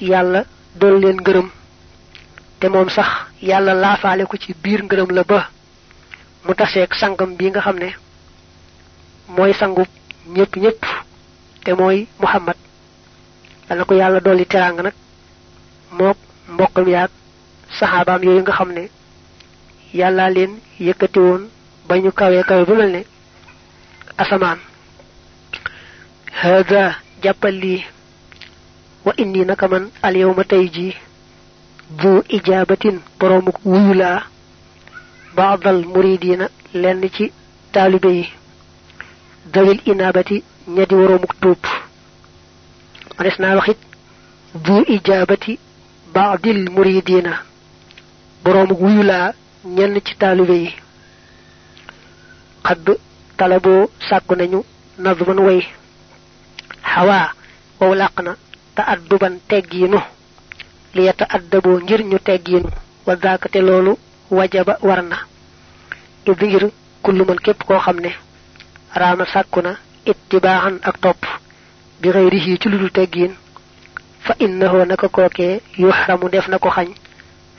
yàlla dool leen ngërëm te moom sax yàlla laafaale ko ci biir ngërëm la ba mu taseeg sangam bi nga xam ne mooy sangub ñépp ñépp te mooy muhammad dana ko yàlla dolli teraanga nag mook mbokkam yaag saxaabaam yooyu nga xam ne yàlla leen yëkkati ba ñu kawee kawe bu mel ne asamaan hada jàppal lii wa indi naka man al ji tey jii bu ijaabatin boroomu wuyu baadal muridiina lenn ci taalibe yi dawil inaabati ña di woroomuk tuub manes naa waxit bu ijaabati baadil muridiina boroomuk wuyu laa ñenn ci taalibe yi xadd talaboo sàkku nañu nadman way xawaa wow làq na te adduban teggiinu li yata addaboo ngir ñu teggiinu wa loolu wajaba war na it ngir kullu man képp koo xam ne raama sàkku na ittibaaxan ak topp bi xëyri ci lu dul teggiin fa innahu naka kookee yuxramu def na ko xañ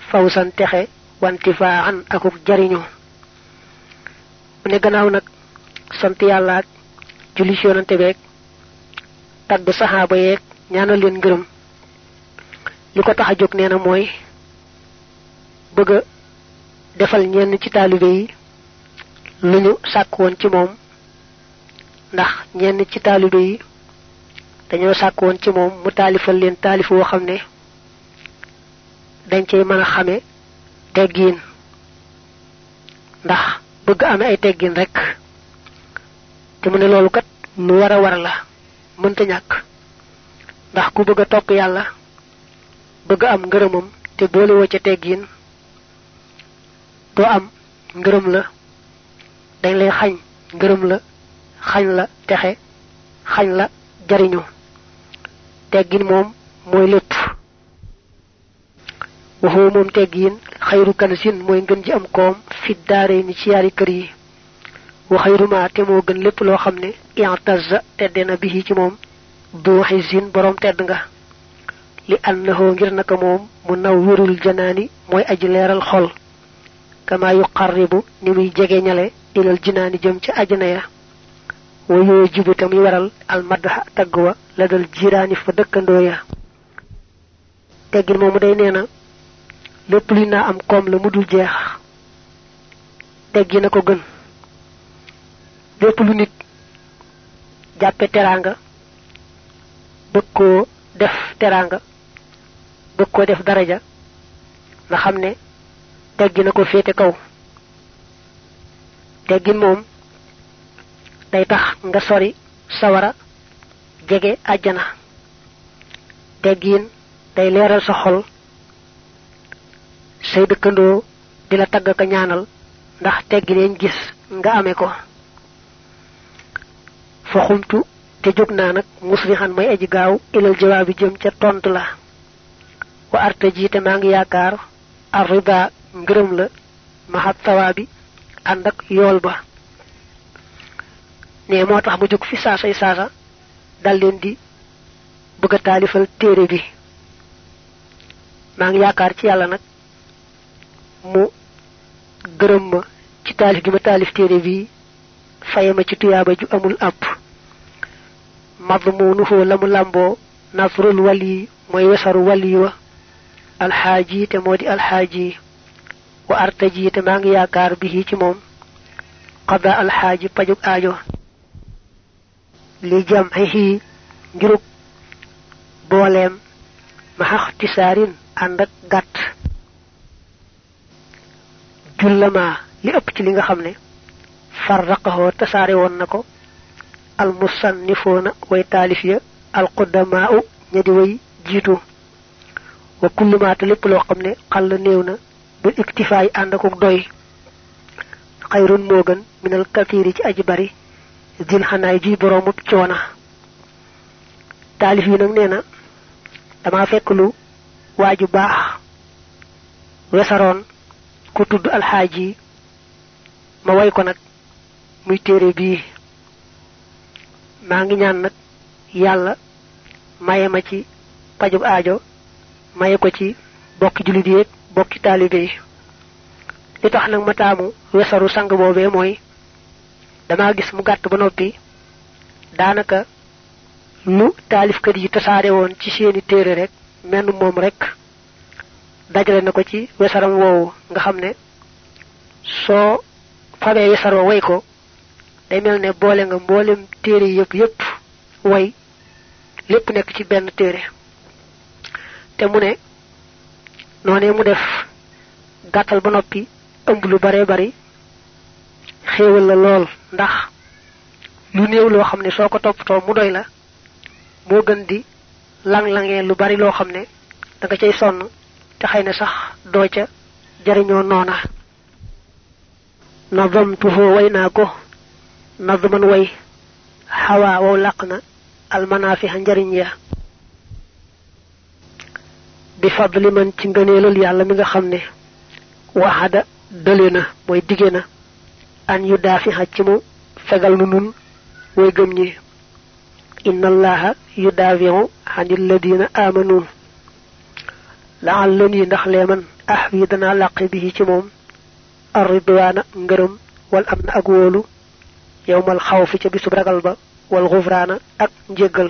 fawsan texe wanti faaxan akuk jariñu mu ne gannaaw nag sant yàlla ak julli ci yonante beeg tagg saxaaba yeeg ñaanal leen ngërëm li ko tax a jóg nee na mooy bëgg defal ñenn ci taalibe yi lu ñu sàkk woon ci moom ndax ñenn ci taalibe yi dañoo sàkk woon ci moom mu taalifal leen taalif woo xam ne dañ cey mën a xame teggiin ndax bëgg amee ay teggiin rekk te mu ne loolu kat lu war a la mënta ñàkk ndax ku bëgg a topp yàlla bëgg a am ngërëmam te boole woo ca teggiin doo am ngërëm la dañ lay xañ ngërëm la xañ la texe xañ la jariño teggin moom mooy lépp waxoo moom teggiin xayru kansin mooy ngën ji am koom fit daare ni ci yaari kër yi waxayru ma te moo gën lépp loo xam ne intaza tedde na bi ci moom duuxi zin borom tedd nga li annahu ngir naka moom mu naw wérul janaani mooy aji leeral xol kama yuqarribu ni muy jege ñale ilal jinaani jëm ci ajana ya wa yoo jibu tam yi waral almadha tagg wa la dal jiraani fa dëkkandoo ya teggin moomu day nee na lépp luy naa am koom la mu dul jeex teggi na ko gën lépp lu nit jàppe teraanga bëgg koo def teraanga bëgg koo def daraja na xam ne teggi na ko féete kaw teggin moom day tax nga sori sawara jege àjjana teggin day leeral sa xol say dëkkandoo di la tagg ka ñaanal ndax teggi leen gis nga amee ko te jóg naa nag musrixan may aji gaaw ilal jawaab bi jëm ca tontu la wa arte jiite maa ngi yaakaar arrida ngërëm la maxat sawaa bi ànd ak yool ba ne moo tax mu jóg fi saasay saasa dal leen di bëgg a taalifal téere bi maa ngi yaakaar ci yàlla nag mu gërëm ma ci taalif gi ma taalif téere bi faye ma ci tuyaaba ju amul àpp madmunuhu la mu làmboo nasrul wali mooy wesaru wali wa alxaaji te moo di alxaaji wa artaji te maa ngi yaakaar bi ci moom qada alxaaji pajug aajo li jamxihi ngirug booleem maxaxtisaarin ànd ak gàtt jullama li ëpp ci li nga xam ne farraqahoo tasaare woon na ko almusannifoona way taalif ya alqudamaa u ña di way jiitu wa kullumaata lépp loo xam ne xal la néew na bu iktifaay ànd akuk doy xayrun moo gën minal kathiiri ci aji bari dil xanaay ji boroomub coona taalif yi nag nee dama fekk lu waaju baax wesaroon ku tudd alxaaji ma woy ko nag muy téere bii maa ngi ñaan nag yàlla maye ma ci pajub aajo maye ko ci bokki jullit yi bokki taalibe yi li tax nag ma taamu wesaru sang boobee mooy dama gis mu gàtt ba noppi daanaka lu taalifkat yi tasaare woon ci seeni téere rek menn moom rek dajale na ko ci wesaram woowu nga xam ne soo fabee wesaroo way ko day mel ne boole nga mboolem téere yépp yépp way lépp nekk ci benn téere te mu ne noonee mu def gàttal ba noppi ëmb lu baree bari xéewal la lool ndax lu néew loo xam ne soo ko toppatoo mu doy la moo gën di lang-langee lu bari loo xam ne da nga cay sonn te xëy na sax doo ca jariñoo noona na bamtu way naa ko nazman way xawaa wow làq na almanaafiha njariñ ya bi fadli man ci ngëneelul yàlla mi nga xam ne waxada dële na mooy dige na an yu daafiha ci mu fegal nu nun way gëm ñi inna allaha yu daafihu anil ladina amanu laal lan yi ndax lee man ah wi danaa làqi bi ci moom ar ridwaana ngërëm wal am na ak wóolu yowmal xaw fi ca bisub ragal ba wal xufraana ak njéggal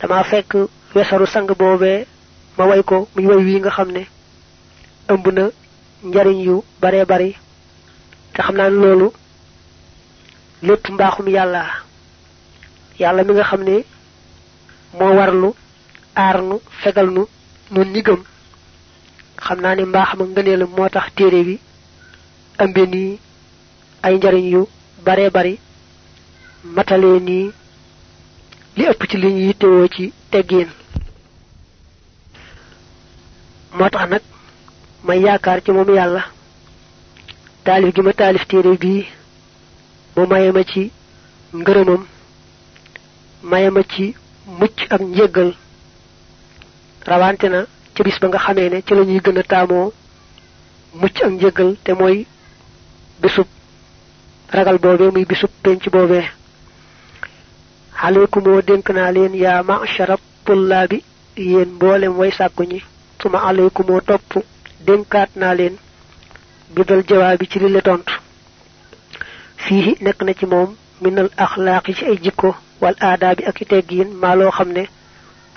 dama fekk wesaru sang boobee ma way ko muy way wii nga xam ne ëmb na njariñ yu baree bari te xam naa ne loolu lépp mbaaxum yàlla yàlla mi nga xam ne moo warlu aar nu fegal nu nun ñi xam naa ne mbaaxam ak ngëneelam moo tax téere bi ëmbe nii ay njariñ yu bare bari matalee nii li ëpp ci li ñu yittewoo ci teggiin moo tax nag may yaakaar ci moom yàlla taalif gi ma taalif téere bii mu maye ma ci ngërëmam maye ma ci mucc ak njéggal rawante na ca bis ba nga xamee ne ci la ñuy a taamoo mucc ak njéggal te mooy bésub ragal boobee muy bisub penc boobee aleykumoo dénk naa leen yaa ma'shara tullaabi yéen mboolem way sàkku ñi su suma aleykumoo topp dénkaat naa leen bidal jawaabi ci li la tontu fii nekk na ci moom minal axlaaq yi ci ay jikko wal aadaa bi ak i teggiin maa loo xam ne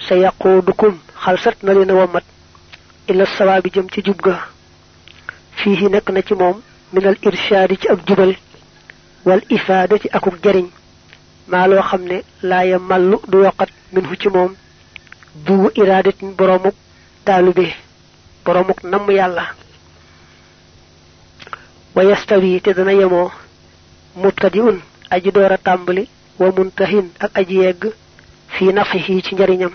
sa yaquudukum xalsat na leen a wommat ila sawaa bi jëm ci nekk na ci moom minal irshaadi ci ab jubal wal ifaadati akuk jariñ maa loo xam ne laa ya màllu du yoqat min ci moom du iraadatin boromuk taalube boromuk namm yàlla wa yastawi te dana yemoo mubtadiun aji door tàmbali wa muntahin ak aji yegg fi nafihi ci njariñam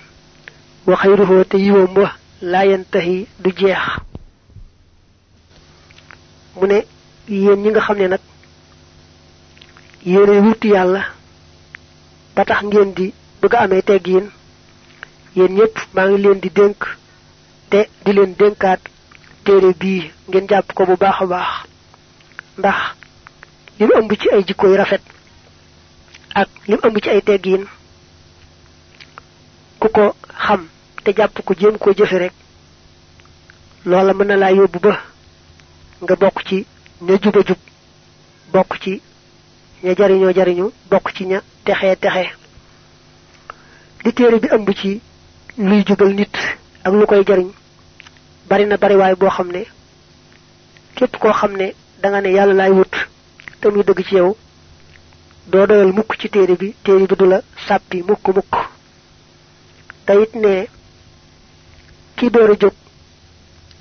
wa xayruhu te yiwam wa laa yantahi du jeex mu ne yéen ñi nga xam ne nag yéene wut yàlla ba tax ngeen di bëgg a amee teggiin yéen ñëpp maa ngi leen di dënk te di leen dënkaat téere bii ngeen jàpp ko bu baax a baax ndax li mu ëmb ci ay jikko yu rafet ak li mu ëmb ci ay teggiin ku ko xam te jàpp ko jéem koo jëfe rek loola mën na laa yóbbu ba nga bokk ci ña juba jub bokk ci ña jariñoo jariñu bokk ci ña texee texe li téere bi ëmb ci luy jubal nit ak lu koy jariñ bari na bariwaay boo xam ne képp koo xam ne danga ne yàlla laay wut te muy dëgg ci yow doo doyal mukk ci téere bi téere bi du la sàppi mukk mukk te it ne ki jóg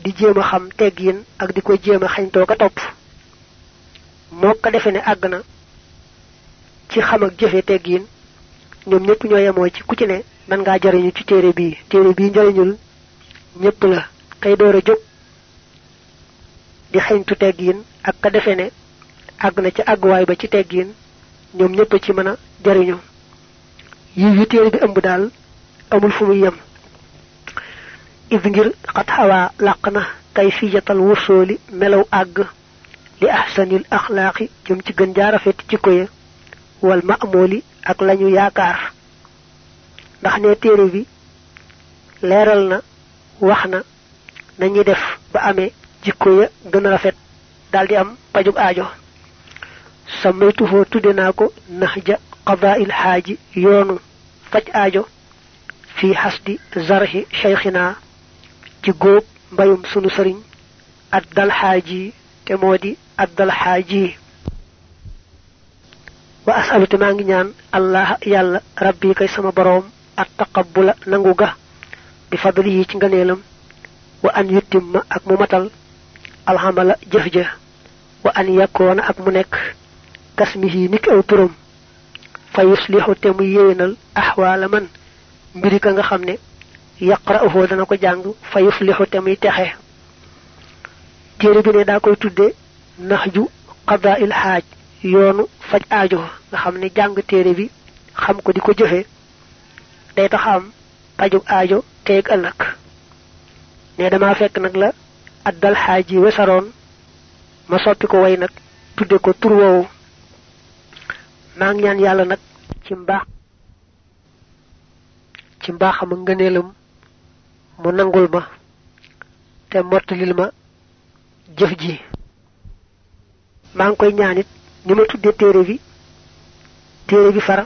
di jéem a xam teggin ak di ko jéem a toog a topp moo ko defe ne àgg na ci xam ak jëfe teggiin ñoom ñëpp ñoo yemoo ci ku ci ne man ngaa jariñu ci téere bii téere bii njariñul ñëpp la kay door a jóg di xeñtu teggiin ak ka defe ne àgg na ca àgguwaay ba ci teggiin ñoom ñëpp ci mën a jariñu yiw yu téere bi ëmb daal amul fu muy yem id ngir xat xawaa làq na kay fiyatal wursooli melaw àgg li ahsanil axlaaqi jëm ci gën jaarafet ci koye wal maamooli ak lañu yaakaar ndax ne téere bi leeral na wax na dañuy def ba amee jikko ya gën rafet daldi am pajug aajo sammaytu foo tudde naa ko nahja qadaa'il xaaji yoonu faj ajo fi xasdi zarhi cheyxinaa ci góob mbayum sunu sëriñ addal xaaji te moo di addal xaaji wa asalu te maa ngi ñaan allah yàlla rabbi kay sama boroom at taqabbula nangu ga bi fadli yi ci ngëneelam wa an yutimma ak mu matal alxamala jëf ja wa an yàkkoona ak mu nekk kasmihi niki aw turam fa yuslihu te mu yéwénal axwaala man mbiri ka nga xam ne yaqra'uhu dana ko jàng fa yuflihu te muy texe téere bi ne daa koy tudde naxju qadaa il xaaj yoonu faj aajo nga xam ne jàng téere bi xam ko di ko jëfe day tax am pajub aajo tey ak ëllëg ne dama fekk nag la ak xaaj yi wesaroon ma soppi ko way nag tudde ko tur woowu maa ngi ñaan yàlla nag ci mbaax ci mbaaxam ak ngëneelam mu nangul ma te mottalil ma jëf ji maa ngi koy ñaanit ni ma tuddee téere bi téere bi far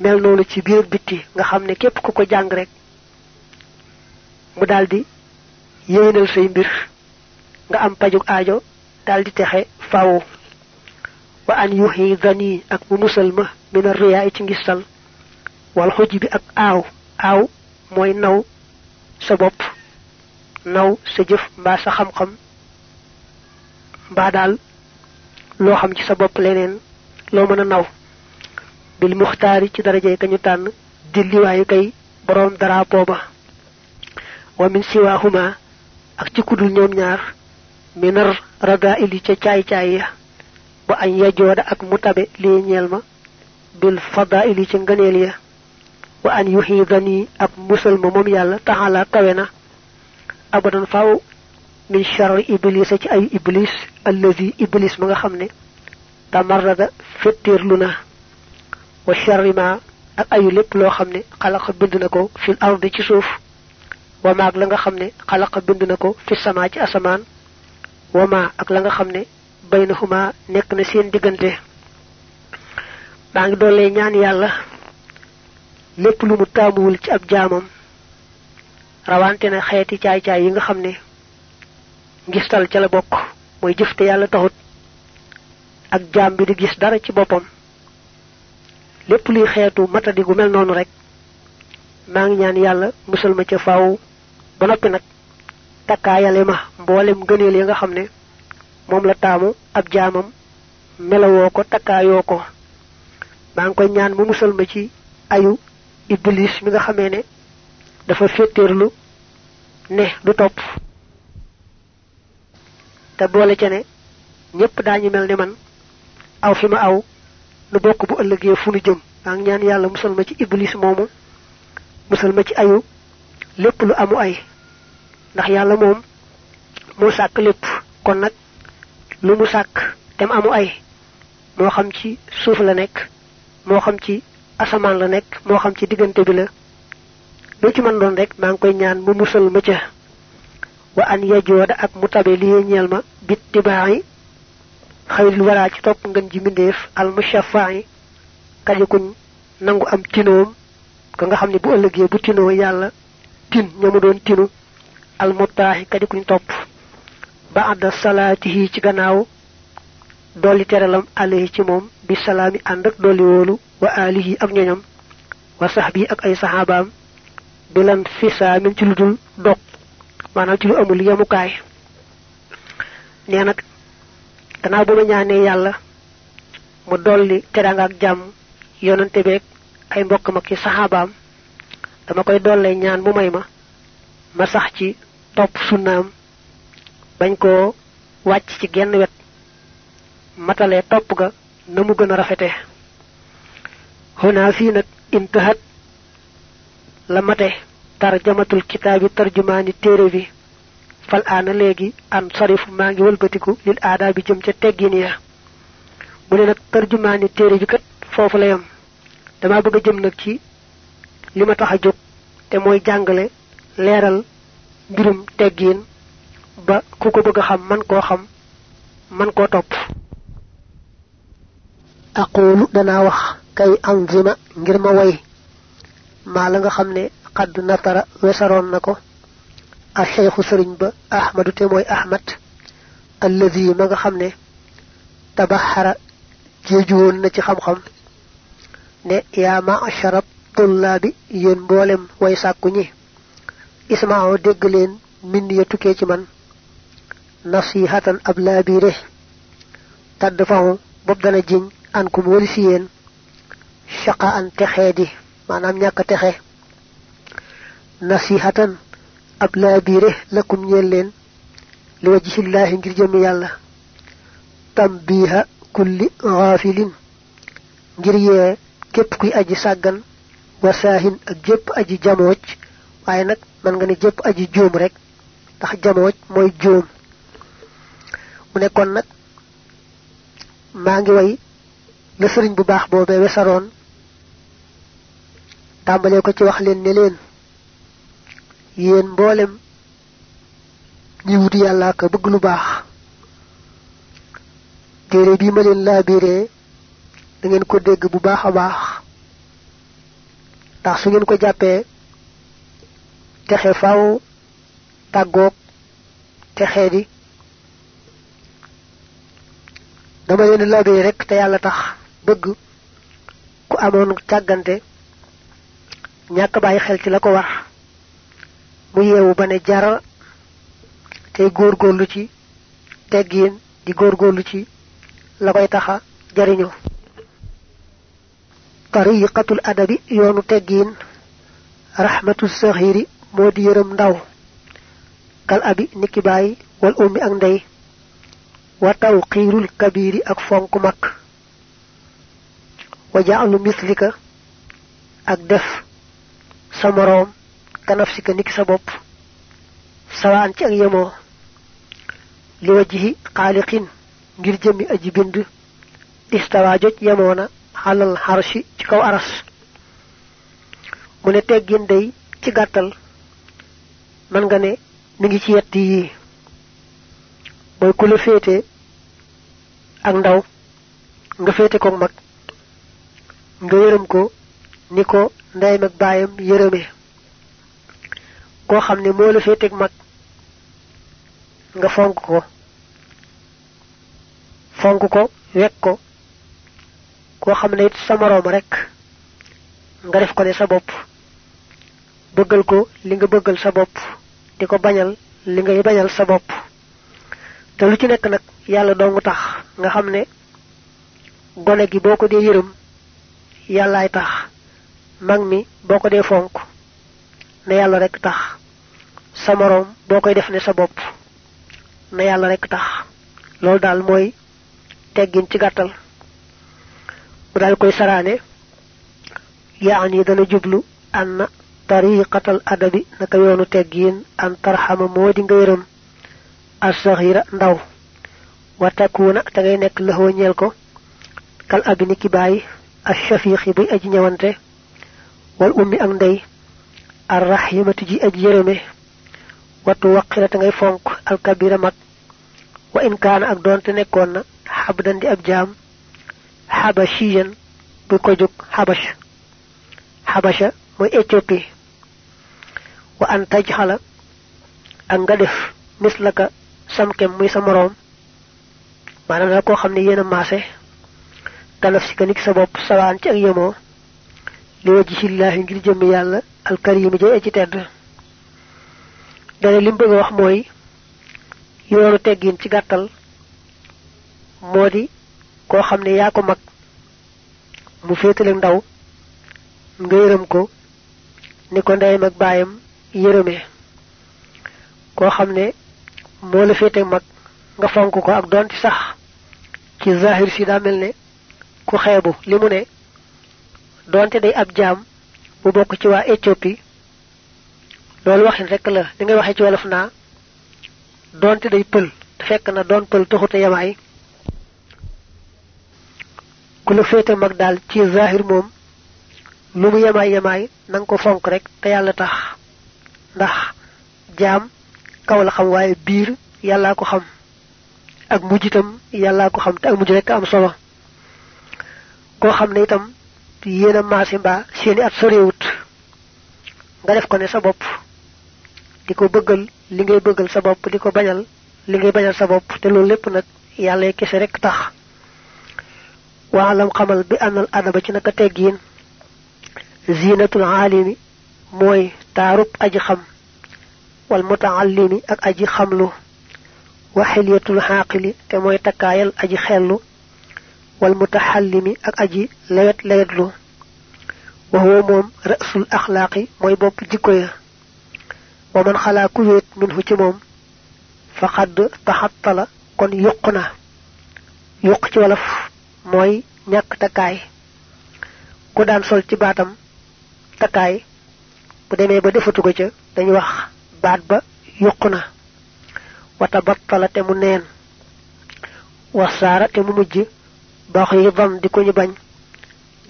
mel ci biir bitti nga xam ne képp ku ko jàng rek mu daldi yéwénal say mbir nga am pajug aajo daldi texe faw wa an yuxi dani ak mu musal ma mina riyaa ci ngistal wal xuj bi ak aaw aaw mooy naw sa bopp naw sa jëf mbaa sa xam-xam mbaa daal loo xam ci sa bopp leneen loo mën a naw bil muxtaari ci daraje ka ñu tànn dilliwaayu kay boroom drapeau ba wa min siwaahuma ak ci kudul ñoom ñaar minar radaa ili ca caay-caay ya ba añ yajooda ak mu lii ñeel ma bil fadaa ili ngëneel ya wa an yuxiidani ak musal ma moom yàlla taxalaa kawe na abadan faw min charri iblis ci ay iblis allazi iblis ma nga xam ne tamarrada fettéerlu na wa charri ma ak ayu lépp loo xam ne xalaqa bind na ko fil ci suuf wa la nga xam ne xalaqa bind na ko fi sama ci asamaan wa ma ak la nga xam ne baynahuma nekk na seen diggante maa ngi doole ñaan yàlla lépp lu mu taamuwul ci ab jaamam rawante na xeeti caay-caay yi nga xam ne ngistal ca la bokk mooy jëf te yàlla taxut ak jaam bi di gis dara ci boppam lépp luy xeetu matadi gu mel noonu rek maa ngi ñaan yàlla musal ma ca faaw ba noppi nag takkaayale ma mboolem gëneel yi nga xam ne moom la taamu ab jaamam melawoo ko takkaayoo ko maa ngi koy ñaan mu musal ma ci ayu iblis mi nga xamee ne dafa féeteerlu ne du topp te boole ca ne ñëpp daañu mel ni man aw fi ma aw nu bokk bu ëllëgee fu nu jëm maa ngi ñaan yàlla musal ma ci iblis moomu musal ma ci ayu lépp lu amu ay ndax yàlla moom moo sàkk lépp kon nag lu mu sàkk dem amu ay moo xam ci suuf la nekk moo xam ci asamaan la nekk moo xam ci diggante bi la lu ci man doon rek maa ngi koy ñaan mu musal ma ca waa an yajooda ak mu tabe lii ñeel ma bit tibaaxi xayril waraa ci topp ngën ji mbindeef al mushafaaxi kaji kuñ nangu am tinoom ka nga xam ne bu ëllëgee bu tinoo yàlla tin ñamu doon tinu al muttaaxi kaji kuñ topp baada salaatihi ci gannaaw dolli teralam alayhi ci moom bi salaami ànd ak dolli wóolu wa alihi ak ñoñam wa saxbi ak ay saxaabaam bilan fisaamin ci lu dul dog maanaam ci lu amul yemukaay nee nag gannaaw ba ma ñaanee yàlla mu dolli teraanga jàmm yonante beeg ay mbokkam ak saxaabaam dama koy dollee ñaan mu may ma ma sax ci topp sunnaam bañ koo wàcc ci genn wet matale topp ga na mu gën a rafete xonaa fii nag intahat la mate tarjamatul kitaabi tarjumaani téere bi fal aana léegi an sarifu maa ngi wëlbatiku lil aadaa bi jëm ca teggin ya mu ne nag tarjumaani téere bi kat foofu la yam dama bëgg a jëm nag ci li ma tax a jóg te mooy jàngale leeral mbirum teggin ba ku ko bëgg a xam man koo xam man koo topp aqulu danaa wax kay anzima ngir ma woy maa la nga xam ne xadd natara wesaroon na ko a cheyxu sëriñ ba ahmadu te mooy ahmad alladi ma nga xam ne tabaxara jéeju woon na ci xam-xam ne yaa macharab tullaabi yéen mboolem way sàkku ñi ismaaw dégg leen mbind ya tukkee ci man nasihatan ab laabiire tàdd faxu bopp dana jiñ an kum wëli si yéen chaqa an texee di maanaam ñàkk texe nasihatan ab laa biire lakum ñeel leen li wajhillaahi ngir jëmi yàlla tambiha kulli gaafilin ngir yee képp kuy aji sàggan wasaahin ak jëpp aji jamooj waaye nag mën nga ne jépp aji juum rek ndax jamooj mooy juum mu nekkoon kon nag maa ngi way la sëriñ bu baax boobee wesaroon tàmbalee ko ci wax leen ne leen yéen mboolem ñi wut yàlla ka bëgg lu baax téere bii ma leen laa biiree ko dégg bu baax a baax ndax su ngeen ko jàppee texe faw tàggoog texee di dama leen laa biiree rek te yàlla tax bëgg ku amoon càggante ñàkk bàyyi xel ci la ko war mu yeewu ba ne jara tey góorgóorlu ci teggiin di góorgóorlu ci la koy taxa jariñoo tariqatul adabi yoonu teggiin rahmatu saxiiri moo di yërëm ndaw kal abi niki bàyyi wal ummi ak ndey wa tawqiirul kabiiri ak fonk mag wa mislika ak def sa moroom kanaf si ka niki sa bopp sawaan ci ak yemoo li wajhi xaaliqin ngir jëmmi aji bind istawa joj yemoo na xalal xarshi ci kaw aras mu ne teggin day ci gàttal mën nga ne mi ngi ci yett yii mooy ku féete ak ndaw nga féete ko mag nga yërëm ko ni ko ndeyam ak baayam yërëmee koo xam ne moo la teg mag nga fonk ko fonk ko wekk ko koo xam ne it sa moroom rekk nga def ko ne sa bopp bëggal ko li nga bëggal sa bopp di ko bañal li ngay bañal sa bopp te lu ci nekk nag yàlla doo doongu tax nga xam ne gone gi boo ko dee yërëm yàllaay tax mag mi boo ko dee fonk na yàlla rekk tax sa moroom boo koy def ne sa bopp na yàlla rekk tax loolu daal mooy teggin ci gàttal mu daal koy saraane yaani dana jublu an tariqatal adabi naka yoonu teggin an tarxama moo di nga yërëm assaxira ndaw wa takuuna te ngay nekk lëxoo ko kal abi ni ki bàyyi ashafiixi buy aji ñëwante wal ummi ak ndey arrahimati ji aj yërëme wattu waqila te ngay fonk alkabira mag wa in kaana ak doonte nekkoon na xabdan di ab jaam xabashiyan bu ko jóg xabash xabasha mooy éthiopie wa an tajxala ak nga def mislaka samkem muy sa moroom maanaam daal koo xam ne yéen maase kanaf si ka sa bopp sawaan ci ak yemoo li wajhi llaahi ngir jëmmi yàlla alkarim ji aji tedd dana lim mu bëgg a wax mooy yoonu teggin ci gàttal moo di koo xam ne yaa ko mag mu féetale ndaw nga yërëm ko ni ko ndeyam ak baayam yërëmee koo xam ne moo la féete mag nga fonk ko ak doon ci sax ci zahir si daa mel ne ku xeebu li mu ne doonte day ab jaam bu bokk ci waa Éthiopie loolu waxin rek la li ngay waxee ci wolof naa doonte day pël te fekk na doon pël taxut a yamaay ku la féete mag daal ci zahir moom lu mu yemaay yamaay na ko fonk rek te yàlla tax ndax jaam kaw la xam waaye biir yàllaa ko xam ak mujj itam yàllaa ko xam te ak mujj rek am solo koo xam ne itam yéen a maasi mbaa seeni at sorewut nga def ko ne sa bopp di ko bëggal li ngay bëggal sa bopp di ko bajal li ngay bañal sa bopp te loolu lépp nag yàlla kese rek tax waalam xamal bi àndal adaba ci naka teggiin ziinatul aalimi mooy taarub aji xam wal mutaallimi ak aji xamlu wa xilyatul xaaqili te mooy takkaayal aji xellu wal mutaxallimi ak aji lewet lewetlu wa huwa moom rasul axlaaqi mooy bopp jikko ya wa man xalaa ku wéet minhu ci moom faqad taxattala kon yuq na yuq ci wolof mooy ñàkk takkaay ku daan sol ci baatam takkaay bu demee ba defatu ko ca dañuy wax baat ba yuq na wata battala te mu neen wasaara te mu mujj baxibam di ko ñu bañ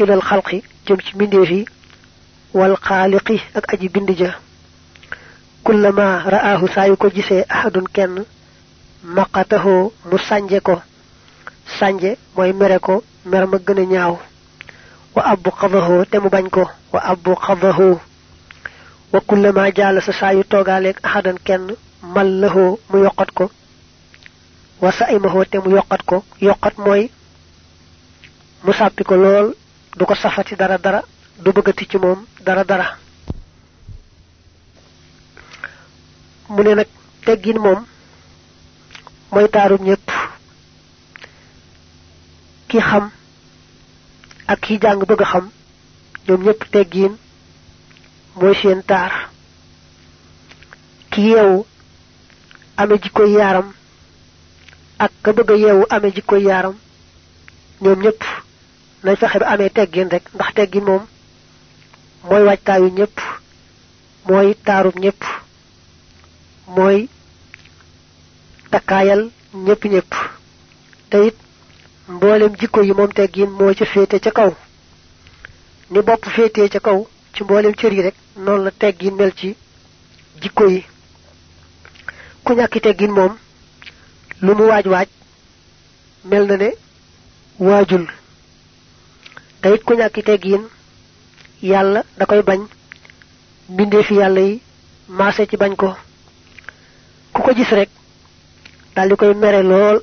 ilal xalqi jëm ci mbindeef yi wal xaaliqi ak aji bind ja kullama ra'aahu saa yu ko gisee ahadun kenn maqatahu ko sànje mooy ko mer ma ko wa abbu saa yu toogaaleeg ahadan kenn mal lahu mu yoqat ko wa sa imahu te mu yoqat ko yoqat mooy mu sàppi ko lool du ko safati dara dara du bëggati ci moom dara dara mu ne nag teggin moom mooy taaru ñépp ki xam ak ki jàng bëgg xam ñoom ñépp teggiin mooy seen taar ki yeewu amee jikkoy yaaram ak ka bëgg a yeewu amee jikkoy yaaram ñoom ñépp nañ fexe ba amee teggin rekk ndax teggin moom mooy waajtaayu ñëpp mooy taarub ñëpp mooy takkaayal ñëpp ñëpp te it mboolem jikko yi moom teggin moo ci féete ca kaw ni bopp féetee ca kaw ci mboolem cër yi rek noonu la teggin mel ci jikko yi ku ñàkki teggin moom lu mu waaj waaj mel na ne waajul te it ku ñàkki teggiin yàlla da koy bañ mbindee fi yàlla yi maase ci bañ ko ku ko gis rek daldi koy mere lool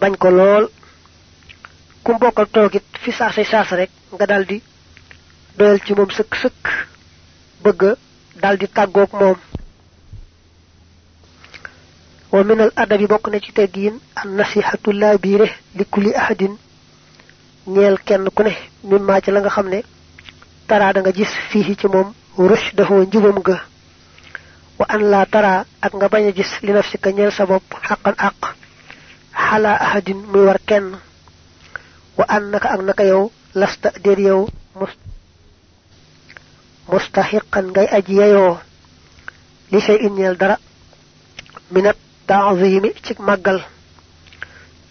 bañ ko lool ku mbokkal toogit fi saase saas rek nga daldi doyal ci moom sëkk sëkk bëgga daldi tàggoog moom wa minal adabi bokk na ci teggiin an nasihatu laa biire li kulli ahadin ñeel kenn ku ne mimmaa ci la nga xam ne taraa da nga gis fii ci moom rush dafa njubam ga wa an laa taraa ak nga bañ a gis li naf si ka ñeel sa bopp xaqan àq xalaa ahadin muy war kenn wa an naka ak naka yow lasta déet yow mustaxiqan ngay aji yeyoo li say in ñeel dara minat taazimi ci màggal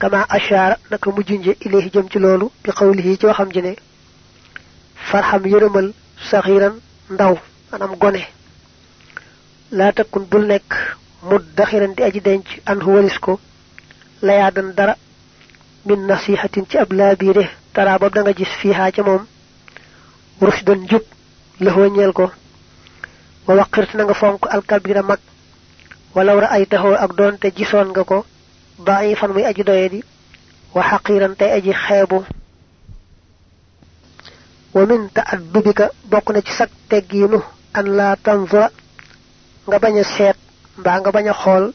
kama ashaara naka mu junje ilayhi ci loolu bi xawlihi ci waxam ji ne farxam yërëmal saxiiran ndaw maanaam gone laa takkun bul nekk mu daxiran di aji denc an walis ko layaadan dara min nasihatin ci ab laabiire taraa boobu da nga gis fiihaa ca moom rusdan njub lëxoo ñeel ko wa waqirt na nga fonk alkabira mag walaw ra ay taxoo ak doonte gisoon nga ko daifan muy aji doye di wa xaqiran tey aji xeebu wa min ta'addubika bokk na ci sag teggiinu an la tanzura nga bañ a seet mbaa nga bañ a xool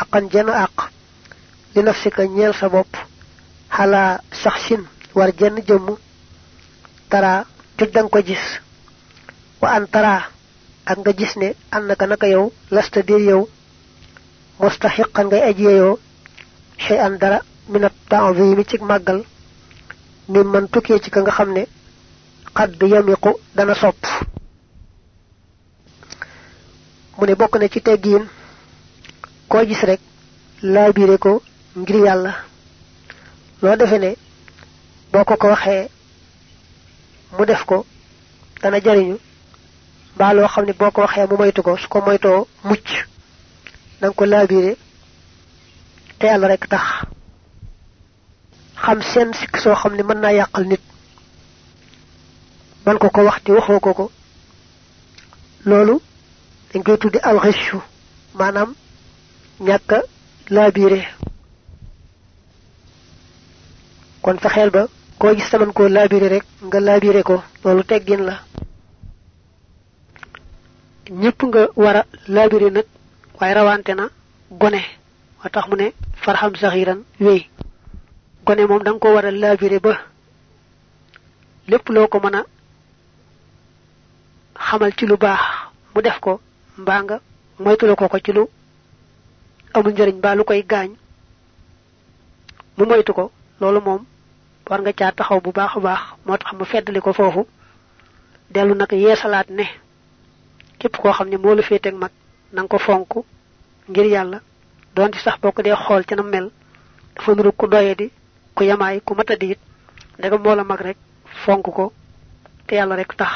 aqan jenn àq li nafsika ñeel sa bopp xalaa saxsin war jenn jëmm tara tuj danga ko gis wa an tara ak nga gis ne an naka yow lasta dir yow mustaxiqan ngay aji yeyoo chey an dara minat ta'zimi ci màggal ni man tukkee ci ka nga xam ne xadd yamiqu dana sopp mu ne bokk na ci teggiin koo gis rekk laabire ko ngir yàlla loo defe ne boo ko ko waxee mu def ko dana jariñu mbaa loo xam ne boo ko waxee mu moytu ko su ko moytoo mucc na ko laabire te yàlla rek tax xam seen sikk soo xam ne mën naa yàqal nit man ko ko wax te waxoo ko ko loolu dañ koy tuddi alxichu maanaam ñàkk a laabiire kon fexeel ba koo gis taman koo laabiire rek nga laabiire ko loolu teggin la ñépp nga war a nag waaye rawante na gone ba tax mu ne farxam saxiiran wéy gone moom danga nga ko war a laabiré ba lépp loo ko mën a xamal ci lu baax mu def ko mbaa nga moytuloo ko ko ci lu amul njëriñ baa lu koy gaañ mu moytu ko loolu moom war nga caa taxaw bu baax baax moo tax mu feddali ko foofu dellu nag yeesalaat ne képp koo xam ne moo la féeteeg mag na ko fonk ngir yàlla donte sax bokk dee xool ci na mel dafa nuru ku doyadi ku yamaay ku matadi it ndegam moo la mag rek fonk ko te yàlla rek tax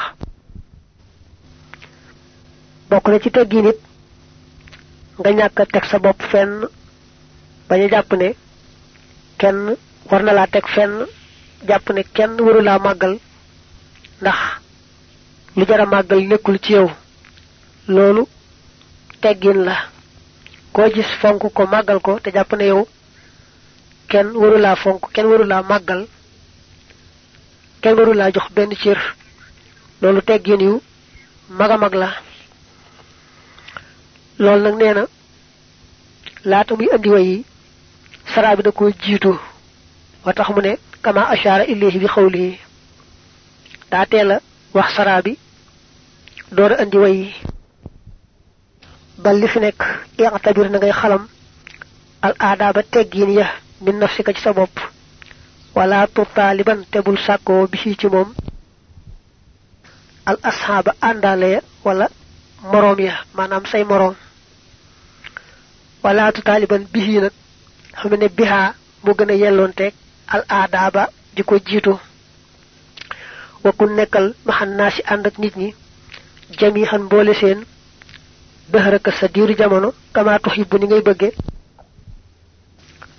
bokk na ci teggi nit nga ñàkk a sa bopp fenn bañ a jàpp ne kenn war laa teg fenn jàpp ne kenn waru laa màggal ndax lu jar a màggal nekkul ci yow loolu teggin la koo gis fonk ko màggal ko te jàpp ne yow kenn warulaa fonk kenn warulaa màggal kenn warulaa jox benn cër loolu teggin yu mag mag la loolu nag nee na laata muy andi yi saraa bi da ko jiitu wa tax mu ne kama ashaara ilayhi bi xawlihi daa teel wax saraa bi door a yi ba li fi nekk ixtabir na ngay xalam al aadaaba teggiin ya min nafsika ci sa bopp wala tutaaliban te bul sàkkoo bi si ci moom al asxaaba àndaale ya wala moroom ya maanaam say moroom wala tutaaliban bihi nag xam ne bihaa mu gën a yelloonteeg al aadaaba di ko jiitu wakku nekkal maxan naa si ànd ak nit ñi jamihan mboole seen dëxëraka sa diiru jamono kama tuhibbu ni ngay bëgge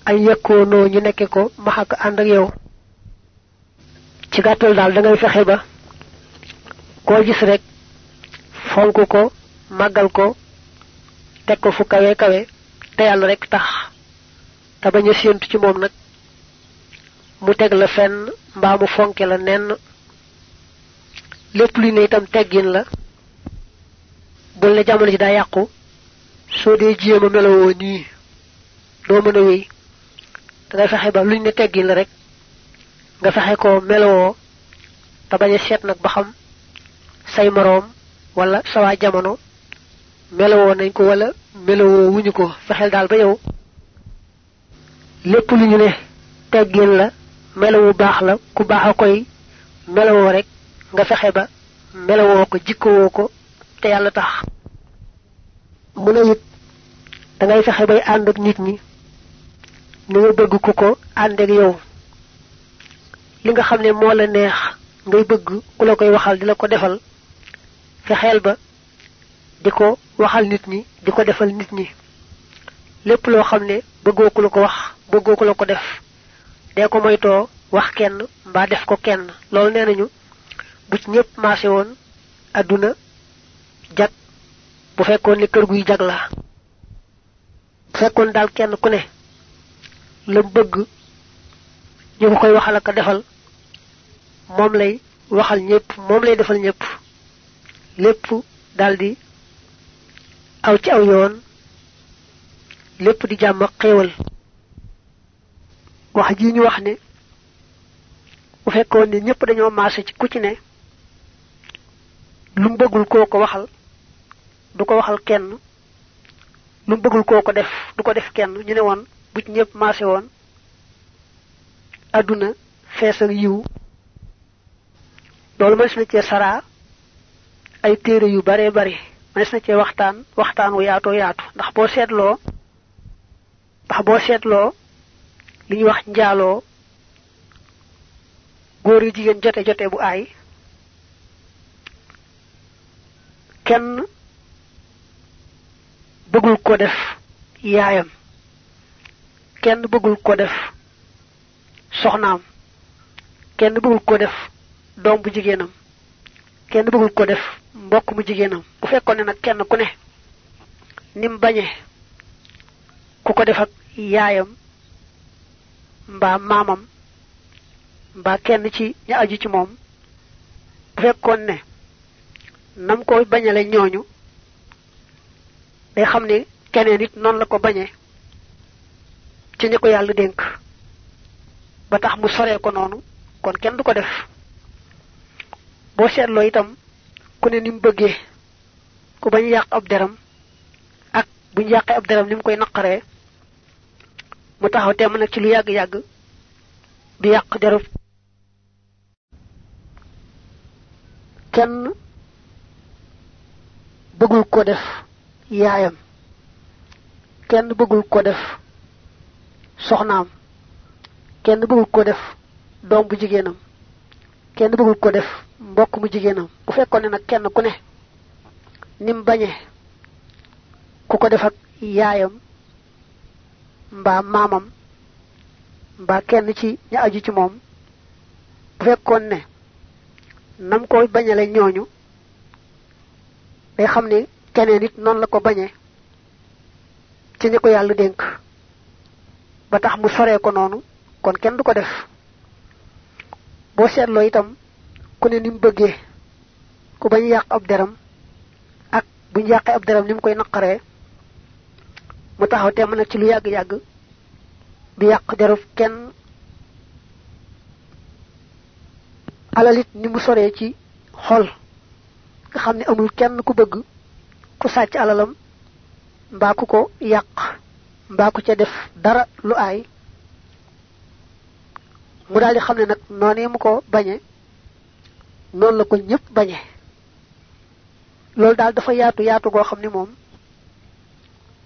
ay yekkoonoo ñu nekkee ko maxaka ànd ak yow ci gàttal daal da fexe ba koo gis rekk fonk ko màggal ko teg ko fu kawe kawe te yàlla rek tax te séentu ci moom nag mu teg la fenn mbaa mu fonke la nenn lépp lu ne itam teggin la bul ne jamono ji day yàqu soo dee jéem a melowoo nii doo mën a wéy fexe ba luñ ne rek nga fexe ko melowoo te bañ a seet nag ba xam jamono melowoo nañ ko wala melowoo wuñu ko fexeel daal ba yow lu ñu ne teggin la melowu baax la ku baax a koy melowoo rek nga fexe ba melowoo ko jikkowoo ko te yàlla tax mu ne it da ngay fexe bay ànd ak nit ñi ni nga bëgg ku ko ànd ak yow li nga xam ne moo la neex ngay bëgg ku la koy waxal di la ko defal fexeel ba di ko waxal nit ñi di ko defal nit ñi lépp loo xam ne bëggoo ku la ko wax bëggoo ku la ko def dee ko moytoo wax kenn mbaa def ko kenn loolu nee nañu bu ci ñëpp marché woon àdduna jag bu fekkoon ne kër guy jag la bu fekkoon dal kenn ku ne la bëgg ñu ko koy waxal ak defal moom lay waxal ñépp moom lay defal ñépp lépp daldi aw ci aw yoon lépp di jàmm ak xéewal wax ji ñu wax ne bu fekkoon ne ñëpp dañoo marché ci ku ci ne lu mu bëggul koo ko waxal du ko waxal kenn lu bëggul koo ko def du ko def kenn ñu ne woon bu ci maase woon àdduna fees ak yiw loolu mënees na cee saraa ay téere yu baree bari mënees na cee waxtaan waxtaan wu yaatoo yaatu ndax boo seetloo boo seetloo li ñuy wax njaaloo góor yu jigéen jote jote bu aay kenn bëggul ko def yaayam kenn bëggul ko def soxnaam kenn bëggul ko def doom bu jigéenam kenn bëggul ko def mbokk mu jigéenam bu fekkoon ne nag kenn ku ne ni mu bañee ku ko def ak yaayam mbaa maamam mbaa kenn ci ña aju ci moom bu fekkoon ne nam ko bañale ñooñu day xam ne keneen it noonu la ko bañee ci ñi ko yàlla dénk ba tax mu soree ko noonu kon kenn du ko def boo seetloo itam ku ne ni mu bëggee ku bañ yàq ab deram ak buñ ñu yàqee ab deram ni mu koy naqaree mu taxaw te temm nag ci lu yàgg-yàgg du yàq derub kenn bëggul ko def yaayam kenn bëggul ko def soxnaam kenn bëggul ko def doom bu jigéenam kenn bëggul ko def mbokk mu jigéenam bu fekkoon ne nag kenn ku ne ni mu bañee ku ko def ak yaayam mbaa maamam mbaa kenn ci ña aju ci moom bu fekkoon ne nam ko bañale ñooñu day xam ne keneen it noonu la ko bañee ci ne ko yàlla dénk ba tax mu soree ko noonu kon kenn du ko def boo seetloo itam ku ne ni mu bëggee ku bañ yàq ab deram ak bu ñu yàqee ab deram ni mu koy naqaree mu taxaw te mën nag ci lu yàgg-yàgg du yàq deru kenn alalit ni mu soree ci xool nga xam ne amul kenn ku bëgg ku sàcc alalam mbaa ku ko yàq mbaa ku ca def dara lu aay mu daal xam ne nag noonu mu ko bañe noonu la ko ñëpp bañe loolu daal dafa yaatu yaatu goo xam ne moom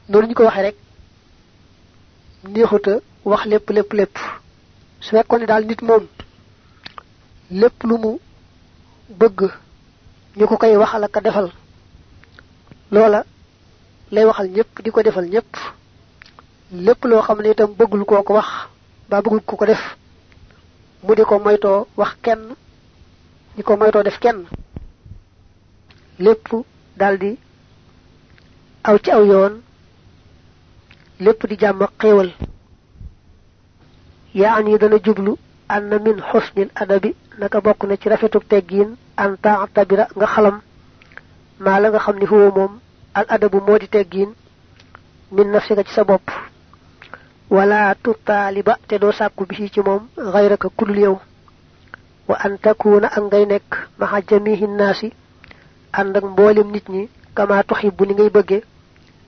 noonu ñu ko waxee rek neexuta wax lépp lépp lépp su fekkoon ne daal nit moom lépp lu mu bëgg ñu ko koy waxal ak a defal loola lay waxal ñëpp di ko defal ñëpp lépp loo xam ne itam bëggul koo ko wax ba bëggul ko ko def mu di ko moytoo wax kenn di ko moytoo def kenn lépp daldi aw ci aw yoon lépp di jàmm ak xéewal yaa an yi dana jublu anna min xusnil adabi naka bokk na ci rafetu teggiin an tabira nga xalam maa la nga xam ni huwa moom al adabu moo di teggiin min nafsika ci sa bopp wala tutaaliba te doo sàkku bi ci moom xayraka kudul yow wa an takuuna ak ngay nekk maxa jamihi naasi ànd ak mboolem nit ñi kama tuxibu li ngay bëgge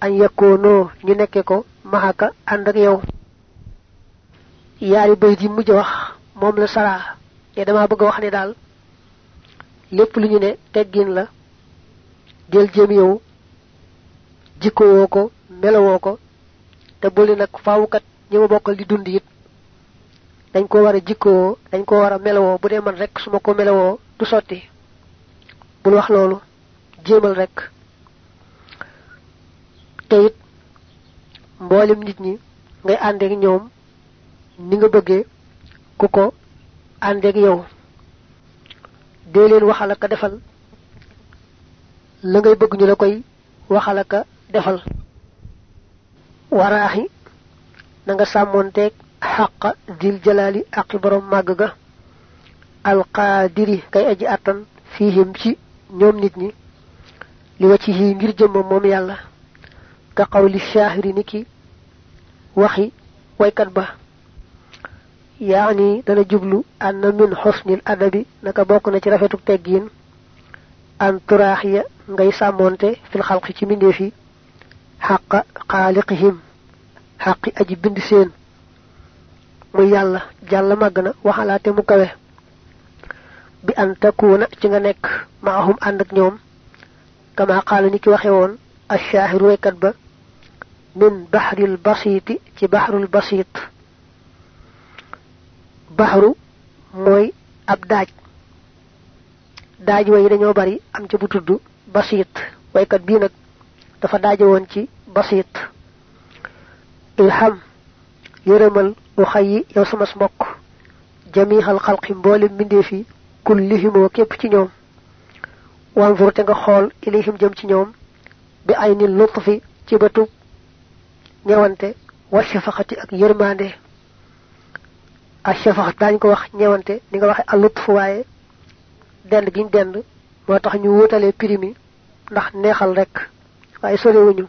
an yakkoonoo ñu nekke ko maxaka ànd ak yow yaari bayit yi mujj wax moom la saraa te dama bëgg a wax ne daal lépp lu ñu ne teggin la del jéem yow jikkowoo ko melowoo ko te buli nag faawukat ñi ma bokkal di dund it dañ ko war a jikkowoo dañ ko war a melowoo bu dee man rek su ma ko melowoo du sotti bul wax loolu jéemal rek te it nit ñi ngay àndeek ñoom ni nga bëggee ku ko àndeek yow dee leen waxal ak defal la ngay bëgg ñu la koy waxal ak defal waraaxi na nga sàmmoonteeg xàq dil jalaali aqi borom màgg ga alqaadiri kay aji àttan fiihim ci ñoom nit ñi li wacci yi ngir jëmmam moom yàlla ka qawli shaahiri ni ki waxi waykat ba yaani dana jublu anna min xusnil adabi naka bokk na ci rafetuk teggiin an turaaxiya ngay sàmmoonte fil xalqi ci mbindeef yi xaqa xaaliqihim xaqi aji bind seen muy yàlla jàll màgg na waxalaate mu kawe bi an ci nga nekk maahum ànd ñoom ni ki waxe woon ashaahiru waykat ba min baxril basiiti ci baxrul basiit baxru mooy ab daaj daaj way dañoo bari am ci bu tudd basiit waykat bii nag dafa daaje woon ci basiit ilham yërëmal bu xay yi yow sama mbokk jamihal xalqi mboolem mbindeef yi kullihimoo képp ci ñoom wanzur te nga xool ilihim jëm ci ñoom bi ay ni lutfi ci bëtub ñewante wa shafaxati ak yërmaande a shafax daañ ko wax ñewante ni nga waxe al lutf waaye dend giñ dend moo tax ñu wutalee prix mi ndax neexal rekk waaye sorewuñu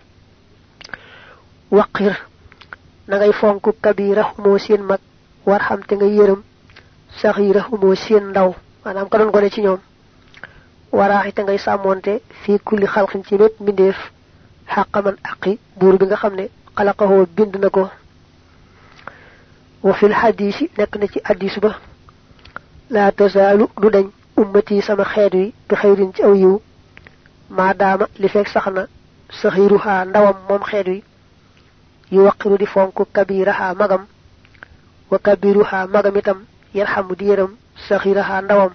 waqir na ngay fonk kabira xumoo seen mag war xam te nga yërëm saxiira xumoo seen ndaw maanaam ka doon gone ci ñoom waraaxi te ngay sàmmoonte fii kulli xalqin ci bépp mbindeef xàqaman aqi buur bi nga xam ne xalaqahoo bind na ko wa fil xadiisi nekk na ci hadiis ba laa tasaalu du dañ ummati sama xeet wi bi xayrin ci aw yiw maadaama li fekk sax na saxiruhaa ndawam moom xeet wi yu waqiru di fonk kabirahaa magam wa kabiruhaa magam itam yan xamu di yëram saxirahaa ndawam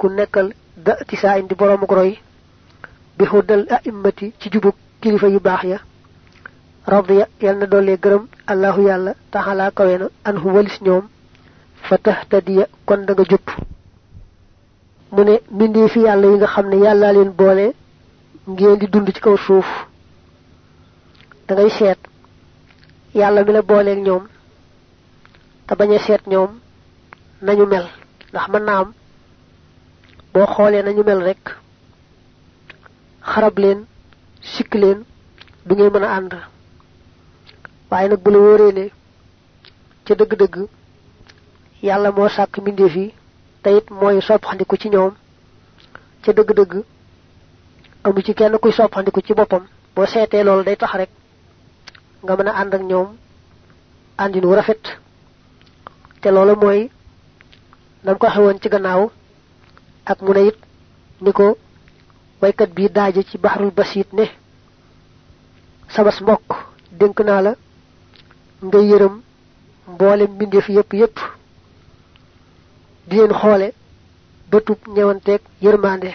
ku nekkal da ti indi boroomu roy bi xuddal a'immati ci jubug kilifa yu baax ya radiya yal na doole gërëm allahu yàlla taxalaa kawe na an hu walis ñoom fa tahtadiya kon da nga mu ne mbindee fi yàlla yi nga xam ne yàllaa leen boole ngeen di dund ci kaw suuf da ngay seet yàlla mi la booleek ñoom te bañ a seet ñoom nañu mel ndax mën naa am boo xoolee nañu mel rek xarab leen sikk leen du ngay mën a ànd waaye nag bu la wóoree ca dëgg-dëgg yàlla moo sàkk mbindeef yi te it mooy soppandiku ci ñoom ca dëgg-dëgg amu ci kenn kuy soppandiku ci boppam boo seetee loolu day tax rek nga mën a ànd ak ñoom àndin wu rafet te loolu mooy nam ko xewoon ci gannaaw ak mu ne it ni ko waykat bi daaj ci baxarul basit ne sabas mbokk dénk naa la nga yërëm mboolem mbindeef yépp yépp di xoole xoole bëtub ñewanteeg yërmande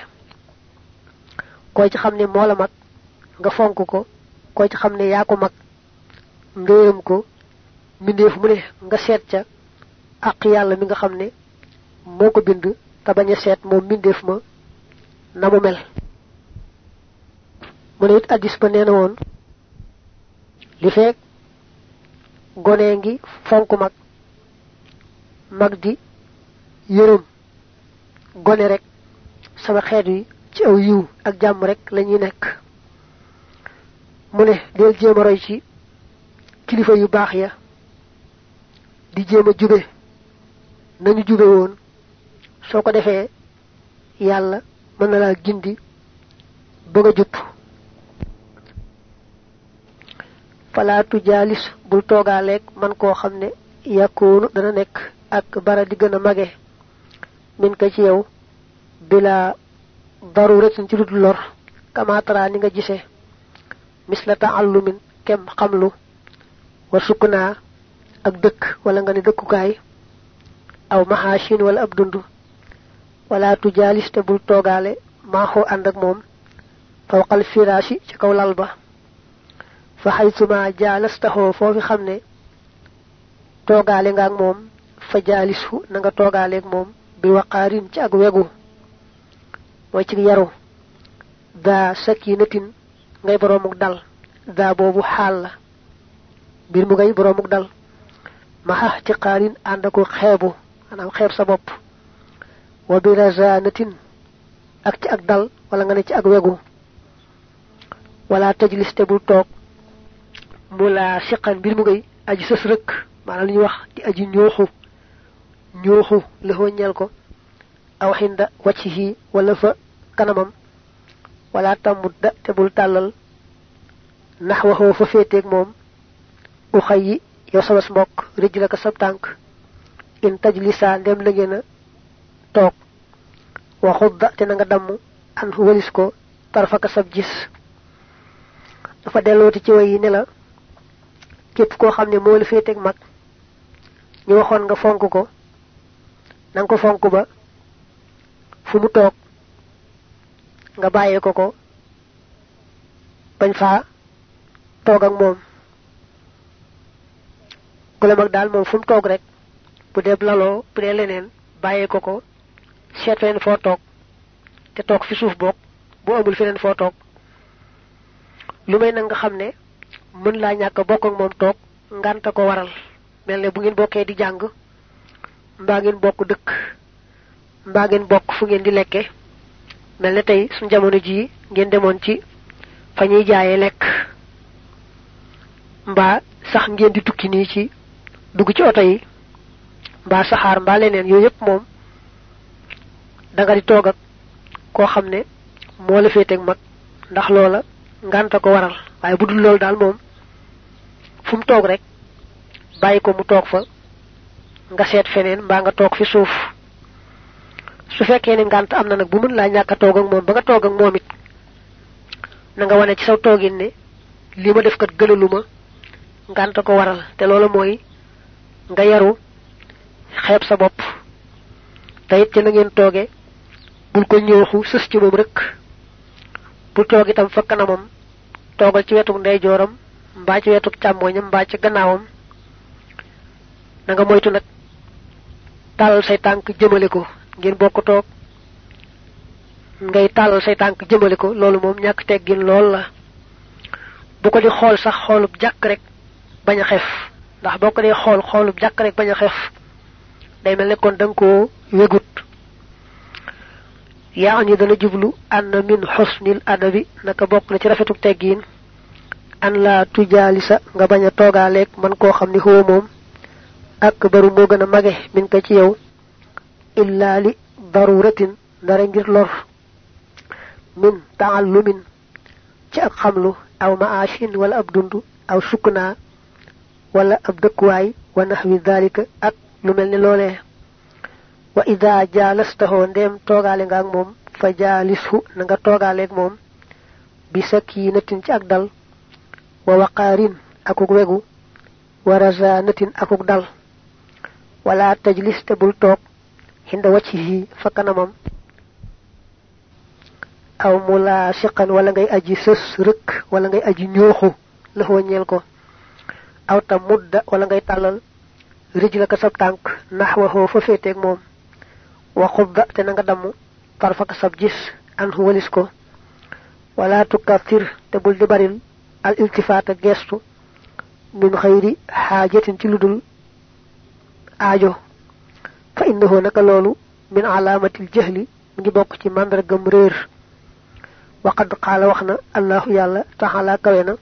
koo ci xam ne moo la mag nga fonk ko koo ci xam ne yaa ko mag nga yërëm ko mbindeef mu ne nga seet ca àq yàlla mi nga xam ne moo ko bind te bañ a seet moom mbindeef ma na mu mel mu ne it addis ba nee na woon li fekk gone ngi fonk mag mag di yërul gone rek sama xeet wi ci aw yiw ak jàmm rekk lañuy nekk mu ne del jéem roy ci kilifa yu baax ya di jéem a jube nañu jube woon soo ko defee yàlla mën na laa gindi bëgg a jub falaatu jaalis bul toogaaleeg man koo xam ne yàkkoonu dana nekk ak bara di gëna a mage min ka ci yow bila daruratin ci dudul lor kamatara ni nga gisee misla taallumin kem xamlu wa sukkunaa ak dëkk wala nga ne dëkkukaay aw mahashin wala ab dund wala tujaalis te bul toogaale maaxoo ànd ak moom fawqal firaashi ci kaw lal ba fa xaytuma jaalastaxoo foofu xam ne toogaale nga ak moom fa jaalisu na nga toogaaleeg moom bi waqaarin ci ak wegu mooy ci yaru daa sakinatin ngay boroomuk dal daa boobu xaal la mbir mu ngay boroomuk dal maxax ci xaarin ànd ak xeebu maanaam xeeb sa bopp wa bi razanatin ak ci ak dal wala nga ne ci ak wegu wala tajlis bul toog mu la siqan mbir mu ngay aji sës rëkk maanaam lu ñuy wax di aji ñooxu ñuuxu lëxoo ñeel ko aw xinda waccihi walla fa kanamam wala tàmmut da te bul tàllal nax waxoo fa féeteeg moom uxay yi yow sabas mbokk rëj la ko sab tànk in tajlisa ndem na ngeen a toog waxut da te na nga damm an walis ko tarfaka sab gis dafa dellooti ci way yi ne la képp koo xam ne moo la féeteeg mag ñu waxoon nga fonk ko na ko fonk ba fu mu toog nga bàyyee ko ko bañ faa toog ak moom ku mag daal moom fu mu toog rek bu dee laloo bu leneen bàyyee ko ko seet feneen foo toog te toog fi suuf boog bu amul feneen foo toog lu may nag nga xam ne mën laa ñàkk bokk ak moom toog ngànta ko waral mel ne bu ngeen bokkee di jàng mbaa ngeen bokk dëkk mbaa ngeen bokk fu ngeen di lekke mel na tey su jamono jii ngeen demoon ci fa ñuy jaayee lekk mbaa sax ngeen di tukki nii ci dugg ci oto yi mbaa saxaar mbaa leneen yooyu yëpp moom da di toog koo xam ne moo la féeteeg mag ndax loola ngànta ko waral waaye bu dul loolu daal moom fu mu toog rekk bàyyi ko mu toog fa nga seet feneen mbaa nga toog fi suuf su fekkee ne ngànt am na nag bu mën laa ñàkk a moom ba nga toog ak moom it na wane ci saw toogin ne li ma def kat gënalu ma ngànt ko waral te loolu mooy nga yaru xeeb sa bopp te it ci na tooge bul ko ñëwaxu sës ci moom rek bu toog itam fa kanamam toogal ci wetuk ndeyjooram mbaa ci wetuk càmmoñam mbaa ci gannaawam na nga moytu nag tàllal say tànk jëmale ko ngeen bokk toog ngay tàllal say tànk jëmale ko loolu moom ñàkk teggin lool la bu ko di xool sax xoolub jàkk rek bañ a xef ndax boo ko dee xool xoolub jàkk rek bañ a xef day mel nekkoon kon koo wégut yaa ni dana jublu ann min xusnil adabi naka bokk na ci rafetuk teggiin an laa tujaalisa nga bañ a toogaaleeg man koo xam ni xoo moom akbaru moo gën a mage min ko ci yow illaa li daruratin dara ngir lor min taallumin ci ab xamlu aw maashin wala ab dund aw sukkunaa wala ab dëkkuwaay wa naxwi dalika ak lu mel ni loolee wa ida jaalastahoo ndeem toogaale nga ak moom fa jaalishu na nga toogaale ak moom bi sakinatin ci ak dal wa waqaarin akuk wegu wa razanatin akuk dal wala tajlis te bul toog xinda waccihi fa kanamam aw mulaasiqan wala ngay aji sës rëkk wala ngay aji ñooxu lëxoo ñeel ko aw tam mudda wala ngay tàllal rëj la ko sab tànk naxwaxoo fa féeteeg moom wa xubba te na nga damm tarfaka sab gis an hu walis ko wala tukatir te bul di baril al iltifaata geestu min xayri xaajatin ci lu dul aajo fa innahu naka loolu min alaamatil jahli mu ngi bokk ci màndargam réer waqad qaala wax na allahu yàlla taxalaa kawe na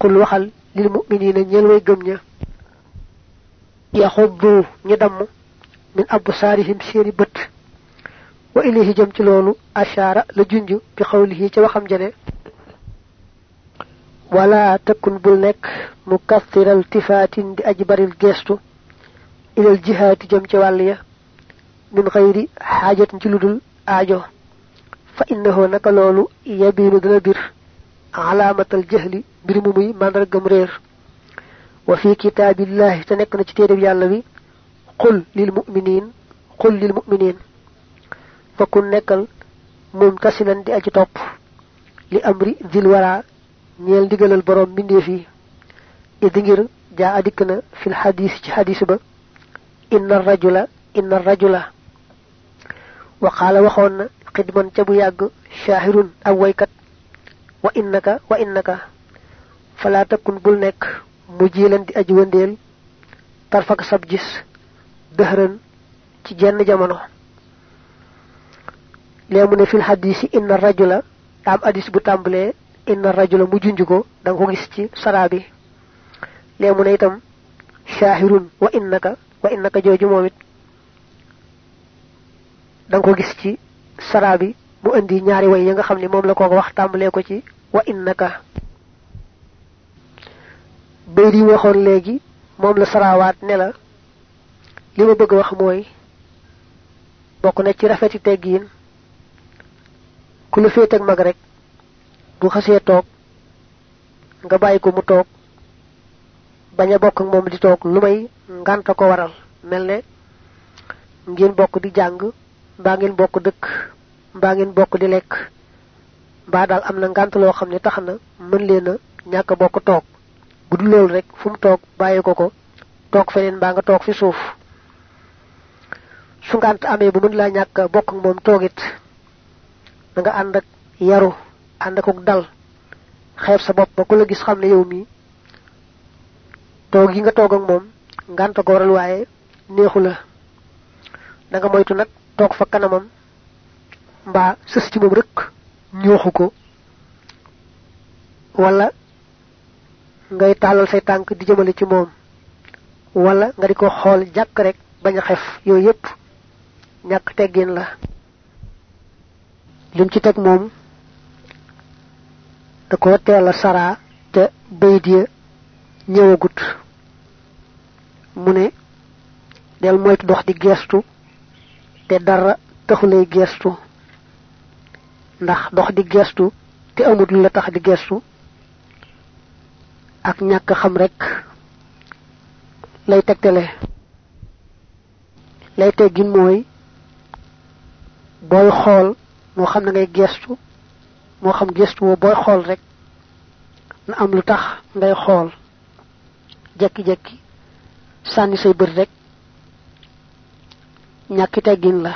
qul waxal lil muminina ñeel way gëm ña yaxuddu ñi damm min absaarihim seeni bët wa ilayhi jëm ci loolu ashaara la junj bi xawlihi ca waxam jane wala takun bul nekk mu kastiral tifaatin di aji baril geestu ilal jihaati jëm ci wàll ya min xayri xaajatin ci lu dul aajo fa innahu naka loolu yabiinu dana bir alaamatal jahli mbir mu muy màndargam réer wa fi kitaabillahi te nekk na ci téereb yàlla bi qul lil muminin qul lil muminin fa kun nekkal moom tasinan di aji topp li amri dil wara ñeel ndigalal boroom mbindeef yi ngir jaa adikk na fil xadiis ba inna rajula inna rajula waxaala waxoon na xidman ca bu yàgg shaahirun ab waykat wa innaka wa innaka falaa takkun bul nekk mu jiilan di aju wëndeel tarfak sab gis ci jenn jamono lee mu ne fil xaddiisi inna rajula am hadis bu tàmbalee inna rajula mu junj ko da ko gis ci saraa bi ne itam shaahirun wa innaka wa in naka jooju moom it da ko gis ci saraa bi mu indi ñaari way ya nga xam ne moom la kooku wax tàmbalee ko ci wa in naka bayt yi waxoon léegi moom la saraawaat ne la li ma bëgg wax mooy bokk na ci rafet rafeti teggiin ku la féet ak mag rekk bu xasee toog nga bàyyi ko mu toog bañ a bokk ak moom di toog lu may ngànta ko waral mel ne ngeen bokk di jàng mbaa ngeen bokk dëkk mbaa ngeen bokk di lekk mbaa daal am na ngànt loo xam ne tax na mën leen a ñàkk bokk toog bu dul loolu rek fu toog bàyyi ko ko toog feneen mbaa nga toog fi suuf su ngànt amee bu mën laa ñàkk bokk ak moom toogit danga nga ànd ak yaru ànd ak dal xeeb sa bopp ba ku la gis xam ne yow mii toog yi nga toog ak moom ngànta ko waral waaye neexu la da nga moytu nag toog fa kanamam mbaa sës ci moom rek ñooxu ko wala ngay taalal say tànk di jëmale ci moom walla nga di ko xool jàkk rek bañ a xef yooyu yépp ñàkk teggin la lim ci teg moom da ko teel a saraa te bay ñëwagut mu ne del moytu dox di geestu te dara taxulay geestu ndax dox di geestu te amut lu la tax di geestu ak ñàkk xam rekk lay tegtale lay teggin mooy booy xool moo xam na ngay geestu moo xam geestu woo booy xool rekk na am lu tax ngay xool jekki-jekki sànni say bët rek ñàkki teggin la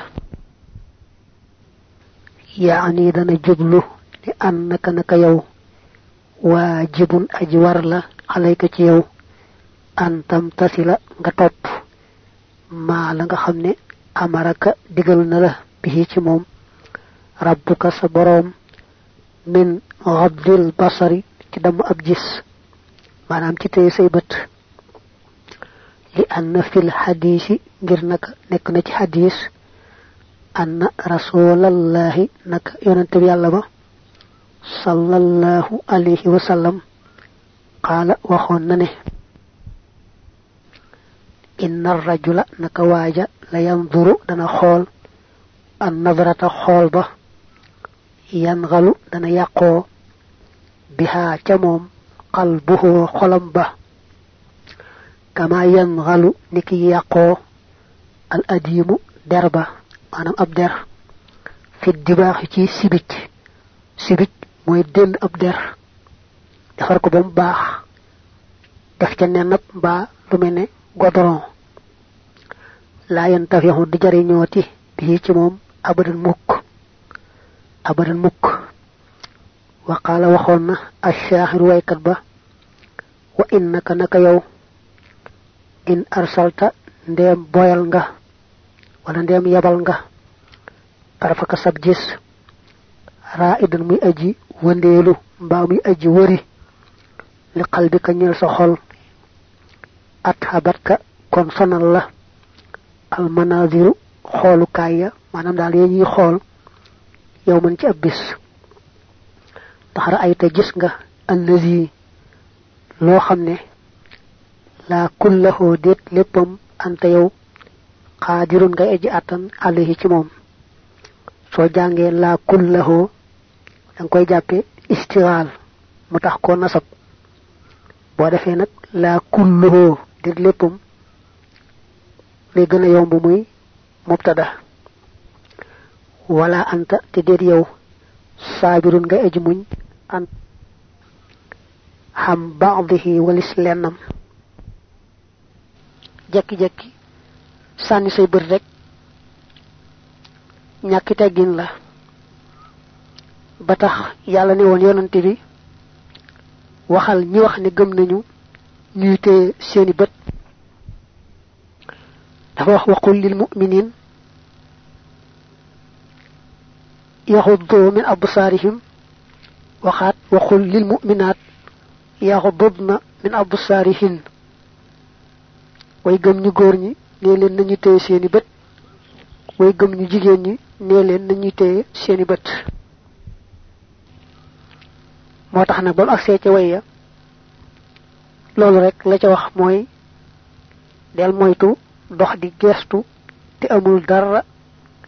yaani dana jublu ni an naka naka yow waajibun aji war la alayka ci yow an tasi la nga topp maa la nga xam ni amaraka digal na la bihi ci moom rabbuka sa boroom min xabdil basari ci damu ab gis maanaam ci téye say bët li anna fil xadiisi ngir naka nekk na ci xadiis anna rasulallaahi naka yonente bi ba sallallahu alayhi wa sallam waxoon na ne inna rajula naka waaja la yanduru dana xool an nadrata xool ba yangalu dana yàqoo bihaa ca moom qalbuhu xolam ba kama yanxalu ni ki yàqoo al adimu der ba maanaam ab der fi dibaaxi ci sibic sibic mooy dénd ab der defar ko ba mu baax def ca nenab mbaa lu mel ne godoron laa yantafixu di jariñooti bii ci moom abadan mukk abadan mukk waqaala waxoon na ashaaxir waykat ba wa innaka naka yow in arsalta ndeem boyal nga wala ndeem yabal nga tarfaka sab raa idan muy aji wëndeelu mbaa muy aji wëri li xal bi sa xol at xabat ka sonal la almanaziru xoolukaay ya maanaam daal yee ñuy xool yow mën ci ab bis ndax ra'ayta gis nga allazi loo xam ne laa kullahoo déet léppam anta yow xaadirun ngay aji àttan alayhi ci moom soo jàngee laa kullahoo da koy jàppe istiraal mu tax ko nasab boo defee nag laa kullahoo déet léppam lay gën yomb muy mubtada wala anta te déet yow saabirun ngay aji muñ an xam baadihi walis lennam jekki-jekki sànni say bët rekk ñàkki teggin la ba tax yàlla ne woon yonante bi waxal ñi wax ne gëm nañu ñuy téye seeni bët dafa wax waqul lil muminin yaxuddu min absaarihim waxaat waxul lil mu'minaat yaxdudna min absaarihin way gëm ñu góor ñi nee leen nañu téye seeni bët way gëm ñu jigéen ñi nee leen nañuy téye seeni bët moo tax nag ba mu agsee ca way ya loolu rekk la ca wax mooy del moytu dox di geestu te amul dara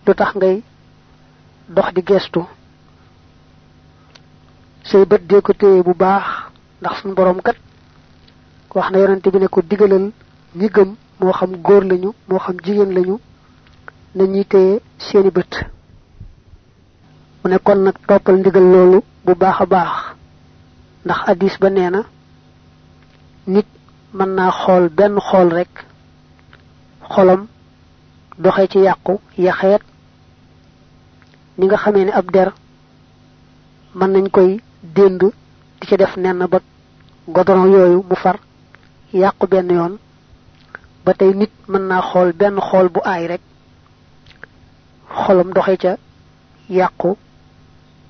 lu tax ngay dox di geestu say bët dee ko téye bu baax ndax suñ boroom kat wax na yonante bi ne ko digalal ñi gëm moo xam góor lañu moo xam jigéen lañu na ñuy téye seeni bët mu ne kon nag toppal ndigal loolu bu baax a baax ndax addis ba nee na nit mën naa xool benn xool rekk xolam doxe ci yàqu yaxeet ni nga xamee ni ab der mën nañ koy dénd di ca def nenn ba godoron yooyu mu far yàqu benn yoon ba tey nit mën naa xool benn xool bu aay rek xolam doxe ca yàqu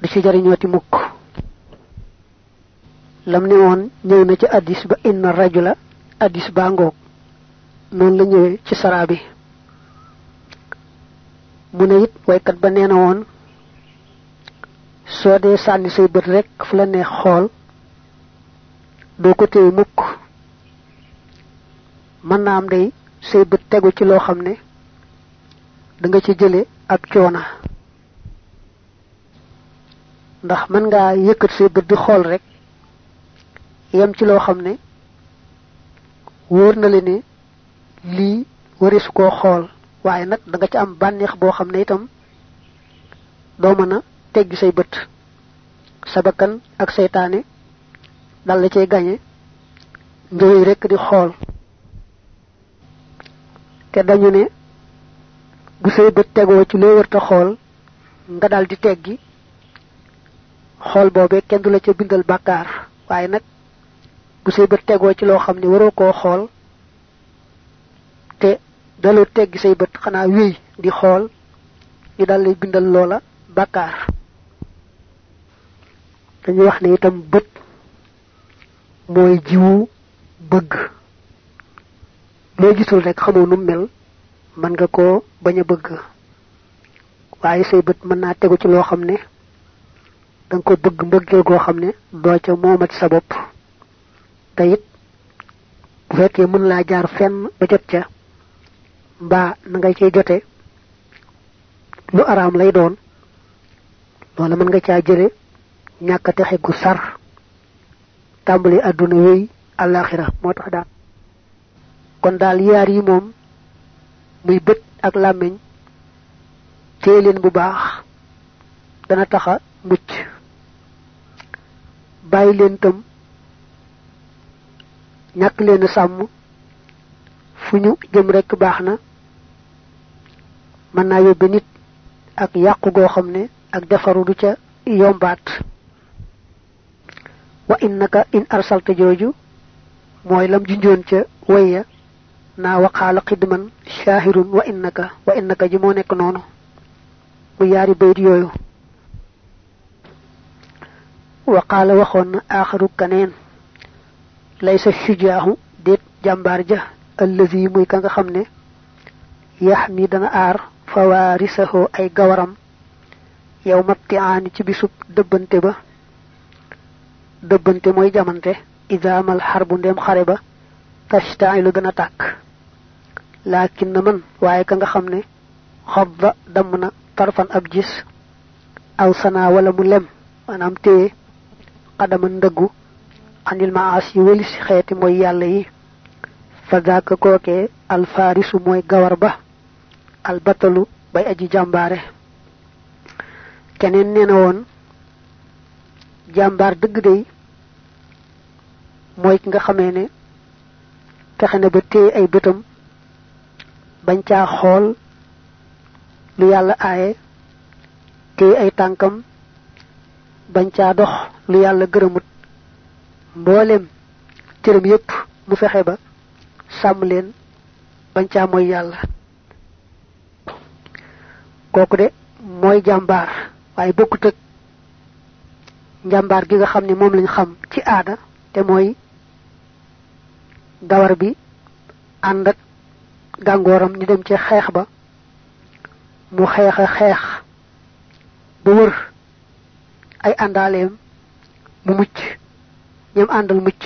di ci jariñooti mukk lam ne woon ñëw na ci addis ba inna rajula addis baa ngoog noonu la ñëwee ci saraa bi mu ne it waykat ba nee na woon soo dee sànni say bët rekk fu la neex xool doo ko téye mukk mën naa am day say bët tegu ci loo xam ne danga ci jële ak coona ndax mën ngaa yëkkat say bët di xool rekk yem ci loo xam ne wóor na la ne lii warisu koo xool waaye nag danga ci am bànneex boo xam ne itam doo mën a teggi say bët sa bakkan ak seytaane dal la cay gañe njëriñ rekk di xool te dañu ne bu say bët tegoo ci loo wërta xool nga dal di teggi xool boobee kenn du la ca bindal bàkkaar waaye nag bu say bët tegoo ci loo xam ne waroo koo xool te daloo teggi say bët xanaa wéy di xool ñu dal lay bindal loola bàkkaar dañuy wax ne itam bët mooy jiwu bëgg loo gisul rek xamoo mel mën nga ko bañ a bëgg waaye say bët mën naa tegu ci loo xam ne da ko bëgg mbëggeel goo xam ne doo ca moomat sa bopp te it bu fekkee mën laa jaar fenn ba jot ca mbaa na nga cay jote lu araam lay doon loola mën nga caa jële ñàkk a gu sar tàmbali àdduna wéy àllaaxira moo tax daal kon daal yaar yi moom muy bët ak làmmiñ téye leen bu baax dana taxa mucc bàyyi leen tam ñàkk leen sàmm fu ñu jëm rekk baax na mën naa yóbbe nit ak yàqu goo xam ne ak defaru du ca yombaat wa innaka in arsalta jooju mooy lam junjoon ca wayya naa waqaala xidman shaahirun wa innaka wa innaka ji moo nekk noonu mu yaari bayit yooyu waqaala waxoon na aaxaru kaneen laysa shujaahu déet jàmbaar ja allazi muy ka nga xam ne yax mi dana aar fawaarisahoo ay gawaram yow matti aani ci bisub dëbbante ba dëbbante mooy jamante idaamal xar bu ndem xare ba tashtaay lu gën a tàkk laakin na man waaye ka nga xam ne xob ba damm na tarfan ab gis aw sanaa wala mu lem maanaam téye xadama ndëggu anil maas yi wëlis xeeti mooy yàlla yi fa daaka kookee alfaarisu mooy gawar ba albatalu bay aji jàmbaare keneen nee na woon jàmbaar dëgg day mooy ki nga xamee ne fexe na ba téye ay bëtam bañ caa xool lu yàlla aaye téye ay tànkam bañ caa dox lu yàlla gërëmut mboolem cëram yépp mu fexe ba sàmm leen bañ caa mooy yàlla kooku de mooy jàmbaar waaye bokkut njàmbaar gi nga xam ne moom lañ xam ci aada te mooy gawar bi ànd gàngooram ñu dem ci xeex ba mu xeex xeex ba wër ay àndaaleem mu mucc ñam àndal mucc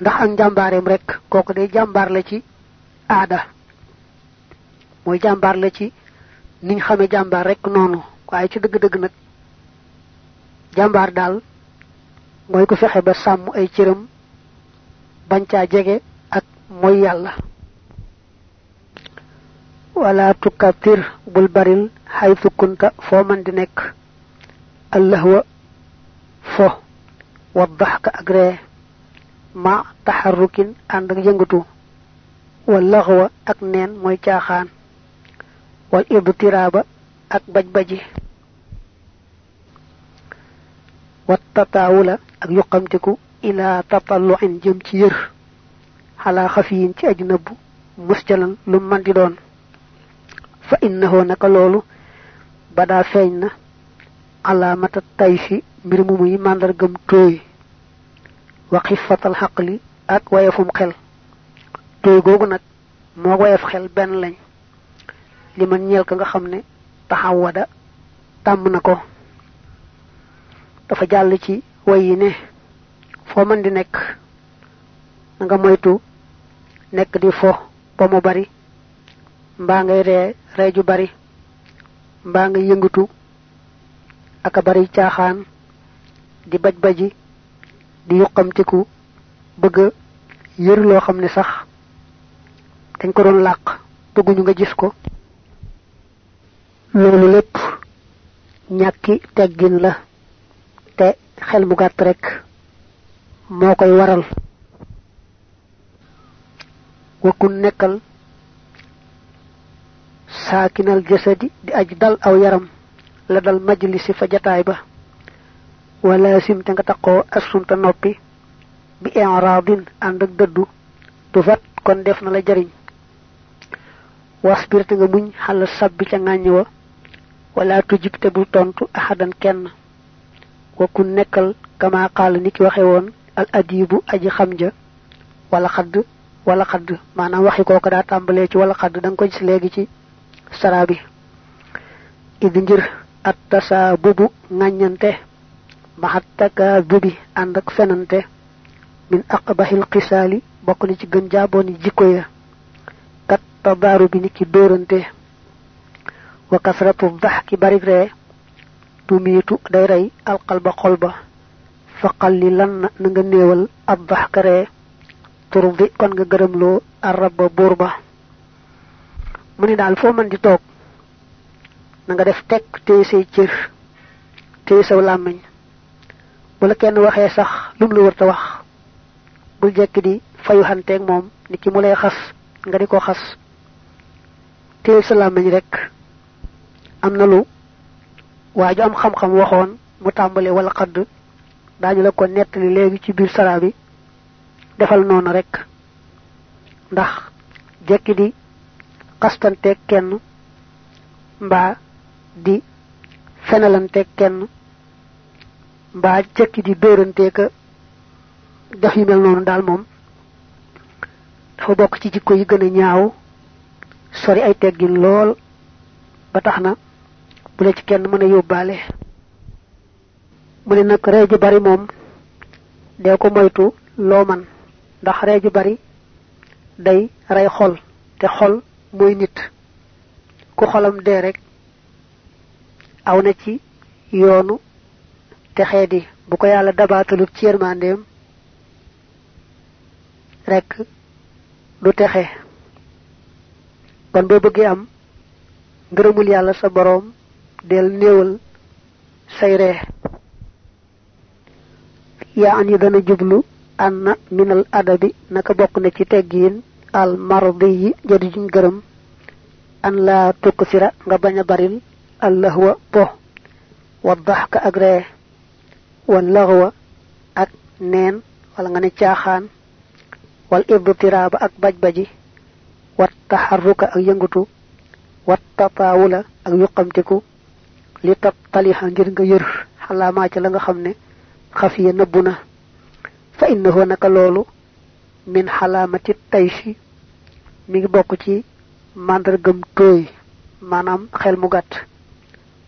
ndax ak njàmbaareem rekk kooku day jàmbaar la ci aada mooy jàmbaar la ci niñ xamee jàmbaar rekk noonu waaye ci dëgg-dëgg nag jàmbaar daal mooy ku fexe ba sàmm ay cëram bañ caa jege ak mooy yàlla wala tukatir bul baril xaytu kunta foo man di nekk allahwa fo waddax ka ak ma taxarrukin ànd ak yëngatu wallaxwa ak neen mooy caaxaan wal ibtiraaba ak baj baji wat tataawula ak yuqamtiku ilaa tatalluin jëm ci yër xalaa xafiyin ci aju nëbbu musjalan lu man di doon fa innahoo naka loolu badaa feeñ na alaamata tay fi mbir mu muy màndargam tooy wa xifatal xaqli ak wayefum xel tooy googu nag moo wayef xel benn lañ li man ñeel ko nga xam ne taxawada tàmm na ko dafa jàll ci way yi ne foo mën di nekk nga moytu nekk di fo ba mu bari mbaa ngay ree ree ju bari mbaa ngay yëngatu ak a bari caaxaan di baj baji di yuqamtiku bëgg a loo xam ne sax dañ ko doon làq bëgguñu nga gis ko loolu lépp ñàkki teggin la te xel mu gàtt rekk moo koy waral wakkun nekkal saakinal jasadi di aj dal aw yaram la dal ci fa jataay ba walla sim te nga taqoo assunta noppi bi inradin ànd ak dëddu du fat kon def na la jariñ waspirte nga muñ xala sabbi ca ŋàññ wa wala tujib te bul tontu ahadan kenn kooku nekkal kama ni ki waxe woon al adibu aji xam ja wala xadd wala xadd maanaam waxi kooku daa tàmbalee ci wala xadd danga nga ko gis léegi ci saraa bi idi ngir at tasaa bubu ŋàññante maxattakaa bubi ànd ak fenante min aqbahil xisaali bokk na ci gën jaabooni jikko ya kat tabaaru bi ni ki dóorante wa kasratu dax ki barig tumiitu day rey alqalba xol ba faqal li lan na nga néewal ab baxkaree tur bi kon nga gërëmloo arab ba buur ba mu ni daal foo mën di toog na nga def tekk téye say cër téye saw làmmiñ bu la kenn waxee sax lu mu la wërta wax bul jekki di fayu xanteeg moom ni ki mu lay xas nga di ko xas téye sa làmmiñ rek am na lu waa ju am xam-xam waxoon mu tàmbale walla xadd daañu la ko nettali léegi ci biir saraa bi defal noonu rek ndax jekki di xastanteeg kenn mbaa di fenalanteeg kenn mbaa jekki di dóoranteeka def yu mel noonu daal moom dafa bokk ci jikko yi gën ñaaw sori ay teggin lool ba tax na bu la ci kenn mën a yóbbaale mu ne nag ree ju bari moom dee ko moytu loo man ndax ree ju bari day rey xol te xol mooy nit ku xolam dee rek aw na ci yoonu texee di bu ko yàlla dabaatalut ci yërmandeem rek du texe kon boo bëggee am ngërëmul yàlla sa boroom del néewal say ree yaa an yi dana jublu anna minal adabi naka bokk na ci teggiin al mardi yi jadi juñ gërëm an laa tukk sira nga bañ a baril al lahwa po wa daxka ak ree wal lahwa ak neen wala nga ne caaxaan wal ibtiraaba ak baj-baji wat taxarruka ak yëngatu wat tataawula ak yuqamtiku li tab talixa ngir nga yër xalaamaa ca la nga xam ne xafiya nëbbu na fa innahu naka loolu min xalaamati tayshi mi ngi bokk ci màndargam tooy maanaam xel mu gàtt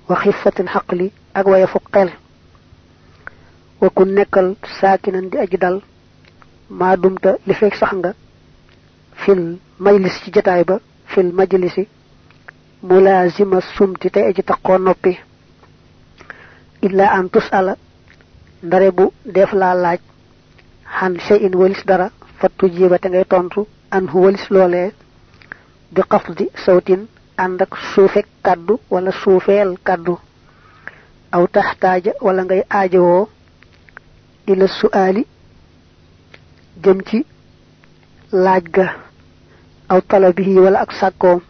wa xifatin xaqli ak waye fu xel wa ku nekkal saakinan di aji dal maa dumta li fekk sax nga fil majlis ci jataay ba fil majlisi mulaazima sumti tey aji taqoo noppi illaa an tus ala ndare bu def laa laaj xan shay in walis dara fattu jiiba te ngay tontu an hu walis loolee bi xafdi sawtin ànd ak suufek kàddu wala suufeel kàddu aw taxtaaja wala ngay aajowoo ila suaali jëm ci laaj ga aw talabihi wala ak sàkkoom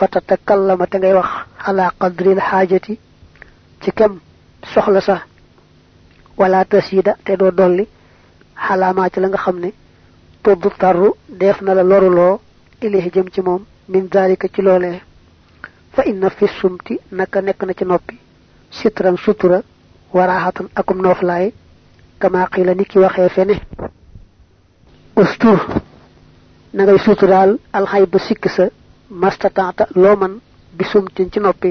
fatatakallama te ngay wax ala qadril xaajati ci kem soxla sa wala tasida te doo dolli xalaamaa ci la nga xam ne toddu tarru def na la loruloo ilayhi jëm ci moom min dalika ci loolee fa inna fi sumti naka nekk na ci noppi sitran sutura waraaxatan akum nooflaay kama qila ni ki waxee fene ustur na ngay suturaal alxay ba sikk sa mastataata loo man bi sumtin ci noppi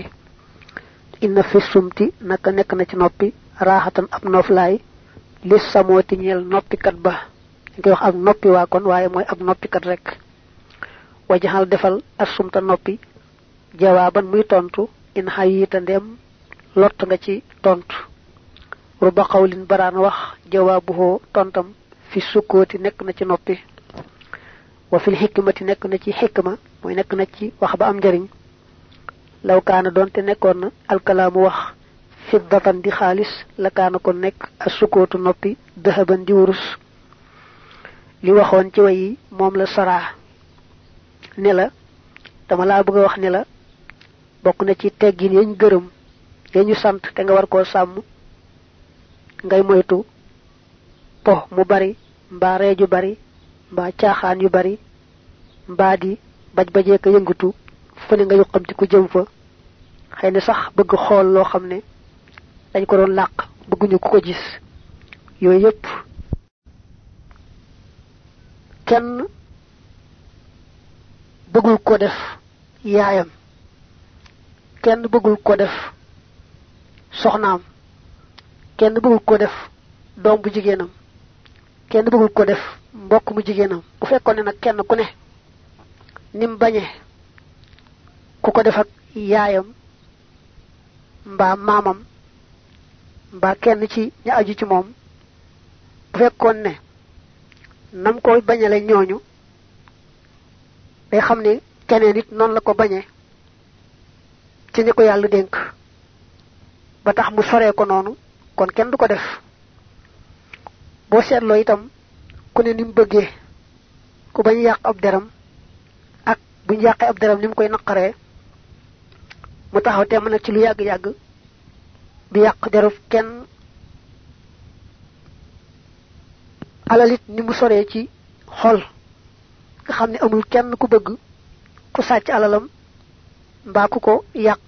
inna fi sumti naka nekk na ci noppi raaxatan ab noflaay li samooti ñeel noppikat ba dañ koy wax ak noppi waa kon waaye mooy ab noppikat rek wajaxal defal as sumta noppi jawaaban muy tontu in xay yiita ndeem nga ci tontu ruba xawlin baraan wax jawaabuhoo tontam fi sukkooti nekk na ci noppi wa fil xikmati nekk na ci xikma mooy nekk na ci wax ba am njariñ law kaana doonte nekkoon na alkalaamu wax fiddatan di xaalis la ko nekk as sukootu noppi dahaban di wurus li waxoon ci way yi moom la saraa ne la dama laa bëgg a wax ne la bokk na ci teggin yañ gërëm yañu sant te nga war koo sàmm ngay moytu po mu bari mbaa reeju bari mbaa caaxaan yu bari mbaa di baj bajee ko yëngatu fu ne nga yuqamti ku jëm fa xëy na sax bëgg xool loo xam ne dañ ko doon làq bëgguñu ko ko gis yooyu yëpp kenn bëggul ko def yaayam kenn bëggul ko def soxnaam kenn bëggul ko def doom bu jigéenam kenn bëggul ko def mbokk mu jigéenam bu fekkoon ne nag kenn ku ne nim bañe ku ko def ak yaayam mbaa maamam mbaa kenn ci ña aju ci moom bu fekkoon ne nam ko bañale ñooñu day xam ne keneen it noonu la ko bañe ci ñi ko yàlla dénk ba tax mu soree ko noonu kon kenn du ko def boo seetloo itam ku ne ni bëggee ku bañ yàq ab deram bu ñu yàqee ab deram ni mu koy naqaree mu taxaw temm nag ci lu yàgg-yàgg du yàq deruf kenn alalit ni mu soree ci xool nga xam ne amul kenn ku bëgg ku sàcc alalam mbaa ku ko yàq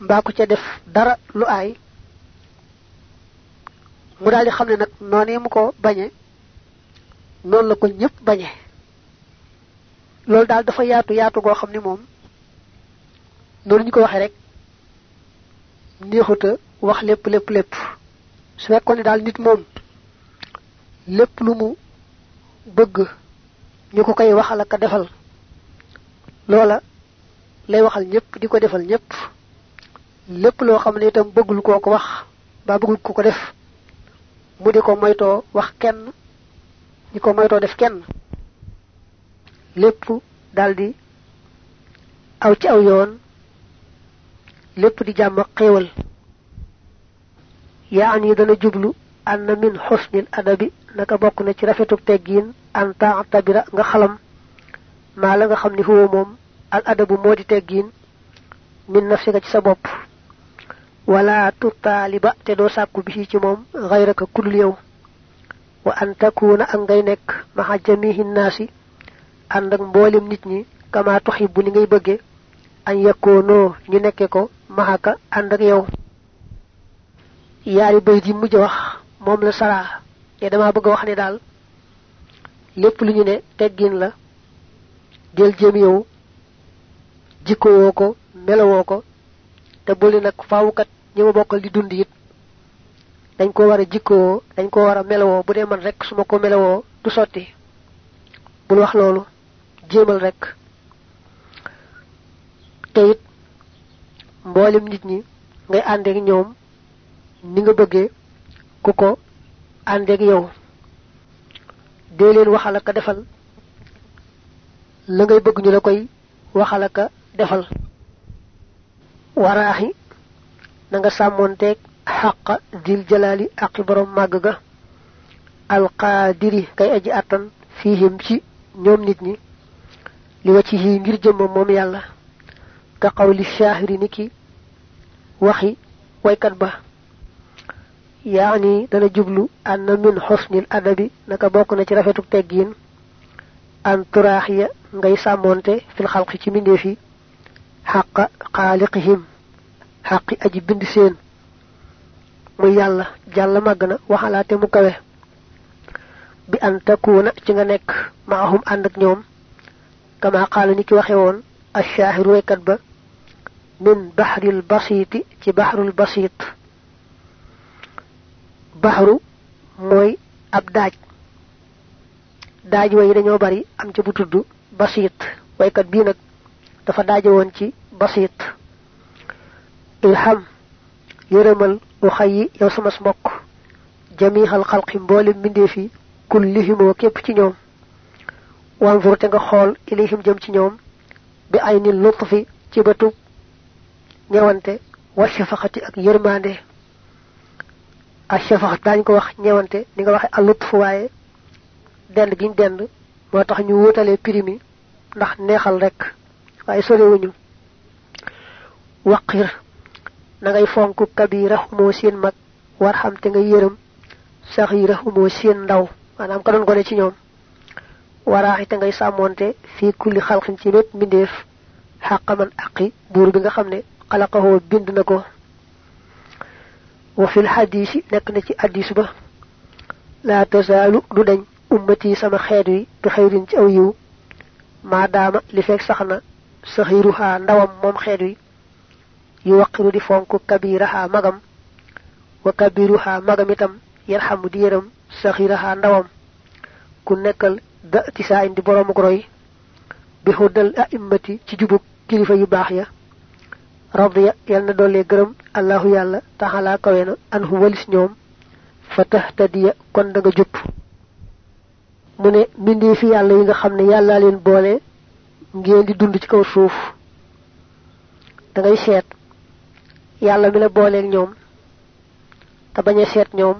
mbaa ku ca def dara lu aay mu daal di xam ne nag noonee mu ko bañe noonu la ko ñëpp bañe loolu daal dafa yaatu yaatu goo xam ne moom noonu ñu ko waxee rek neexuta wax lépp lépp lépp su fekkoon ne daal nit moom lépp lu mu bëgg ñu ko koy waxal ak defal loola lay waxal ñëpp di ko defal ñëpp lépp loo xam ne itam bëggul koo ko wax baa bëggul ko ko def mu di ko moytoo wax kenn ñu ko moytoo def kenn lépp daldi aw ci aw yoon lépp di jàmm ak xéewal yaani dana jublu anna min xusnil adabi naka bokk na ci rafetuk teggiin an taatabira nga xalam maa la nga xam ni huwa moom al adabu moo di teggiin min nafsika ci sa bopp wala ba te doo sàkku bi ci moom xayraka kudul yow wa an takuuna ak ngay nekk maxa jamihi naasi ànd ak mboolem nit ñi kama tuhibbu ni ngay bëgge añ yekkoonoo ñu nekkee ko maxaka ànd ak yow yaari bayit yi mujj wax moom la saraa te dama bëgg a wax ne daal lépp lu ñu ne teggiin la jël jëm yow jikkowoo ko melowoo ko te bul ni nag faawukat ñi ma bokkal di dund it dañ ko war a jikkowoo dañ ko war a melowoo bu dee man rek su ma ko melowoo du sotti bul wax loolu jéemal rekk te it mboolem nit ñi ngay àndeek ñoom ni nga bëggee ku ko àndeek yow dee leen waxal ak defal la ngay bëgg ñu la koy waxal ak defal waraaxi na nga sàmmoonteeg xàq dil jalaali aqi borom màgg ga alqaadiri kay aji àttan fiihim ci ñoom nit ñi li wacci yi ngir jëmmam moom yàlla ka qawli shaahiri ni ki waxi waykat ba yaani dana jublu anna min xusnil adabi naka bokk na ci rafetu teggiin an turaax ya ngay sàmmoonte fil xalqi ci mbindeef yi xaqa xaaliqihim xaqi aji bind seen muy yàlla jàll màgg na waxalaate mu kawe bi an takuuna ci nga nekk maahum ànd ak ñoom kama qaala ni ki waxe woon ashaahiru wekkat ba min baxril basiiti ci baxrul basiit baxru mooy ab daaj daaj way dañoo bari am ca bu tudd basiit waykat bii nag dafa daaje woon ci basiit ilham yërëmal uxay yi yow sama mbokk jamiixal xalqi mboolem mbindeef yi kullihim wa képp ci ñoom wanzur te nga xool ilayhim jëm ci ñoom bi ay ni fi ci bëtub ñewante wa shafaqati ak yërmande ak shafaqat daañu ko wax ñewante ni nga waxe fu waaye dend giñ dend moo tax ñu wóotalee primi ndax neexal rek waaye sorewuñu waqir na ngay fonk kabirahumoo seen mag warxam te nga yërëm saxirahumoo seen ndaw maanaam ka doon gone ci ñoom waraaxi te ngay sàmmoonte fii kulli xalqin ci bépp mbindeef xàqaman aki buur bi nga xam ne xalaqahoo bind na ko wa fil xadiisi nekk na ci hadiis ba laa tasaalu du dañ ummati sama xeet wi bi xayrin ci aw yiw maadaama li fekk sax na saxiiruhaa ndawam moom xeet wi yu waqiru di fonk kabirahaa magam wa kabiruhaa magam itam yarxamu di yëram saxiirahaa ndawam ku nekkal da tisaayin di boroomu roy bi xuddal a'immati ci jubug kilifa yu baax ya radiya yal na doole gërëm allahu yàlla taxalaa kawe na an hum walis ñoom fa tahtadiya kon da jub mu ne mbindee fi yàlla yi nga xam ne yàllaa leen boole ngeen di dund ci kaw suuf da seet yàlla mi la booleeg ñoom te bañ a seet ñoom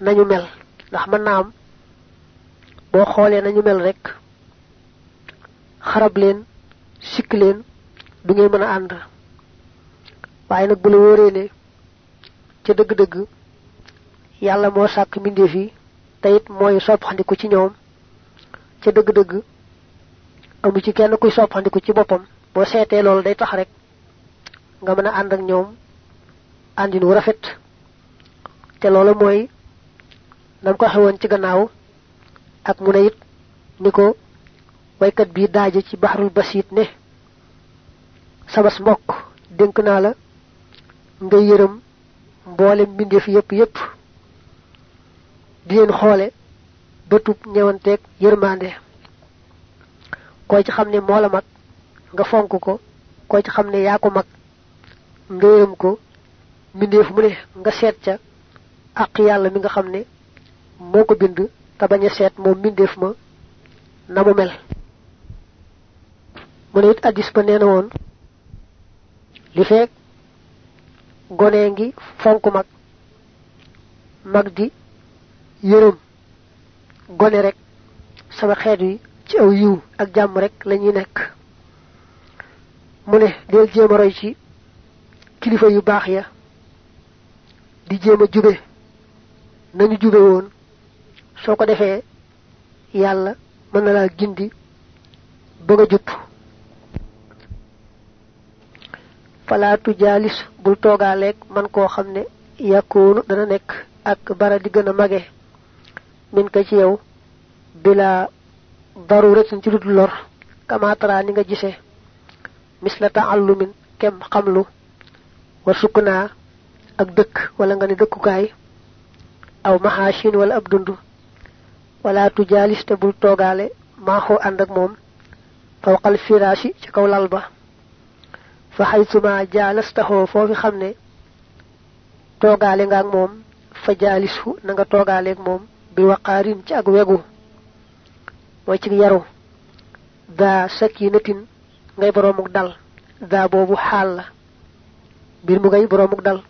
nañu mel ndax mën naa am boo xoolee nañu mel rek xarab leen sikk leen du ngay mën a ànd waaye nag bu la wóoree ne ca dëgg-dëgg yàlla moo sàkk mbindeef yi te it mooy soppandiku ci ñoom ca dëgg-dëgg amu ci kenn kuy soppandiku ci boppam boo seetee loolu day tax rek nga mën a ànd ak ñoom àndin wu rafet te loolu mooy nam ko xewoon ci gannaaw ak mu ne it ni ko waykat bii daaje ci baxarul basiit ne sabas mbokk dénk naa la nga yërëm mboole mbindeef yépp yépp di leen xoole bëtub ñewanteeg yërmande koo ci xam ne moo la mag nga fonk ko koo ci xam ne yaa ko mag nga yërëm ko mbindeef mu ne nga seet ca àq yàlla mi nga xam ne moo ko bind te seet moom mbindeef ma na mu mel mu ne it addis ba nee na woon li feek gone ngi fonk mag mag di yërëm gone rekk sama xeet yi ci aw yiw ak jàmm rekk lañuy nekk mu ne del jéem roy ci kilifa yu baax ya di jéem a jube nañu jube woon soo ko defee yàlla mën na laa gindi ba nga jub falaatu jaalis bul toogaaleeg man koo xam ne yàkkoonu dana nekk ak bara di gën a mage min ko ci yow bila daruratin ci dul lor kamaataraa ni nga gisee misla taallumin kem xamlu war sukk naa ak dëkk wala nga ne dëkkukaay aw maxaachin wala ab dund wala tujaalis te bul toogaale maaxoo ànd ak moom fawqal firaashi ci kaw lal ba fa xaytuma jaalastaxoo foofi xam ne toogaale nga ak moom fa jaalisu na nga toogaale ak moom bi ci ak wegu mooy ci yaru daa sakinatin ngay boroomuk dal daa boobu xaal la mbir mu ngay boroomuk dal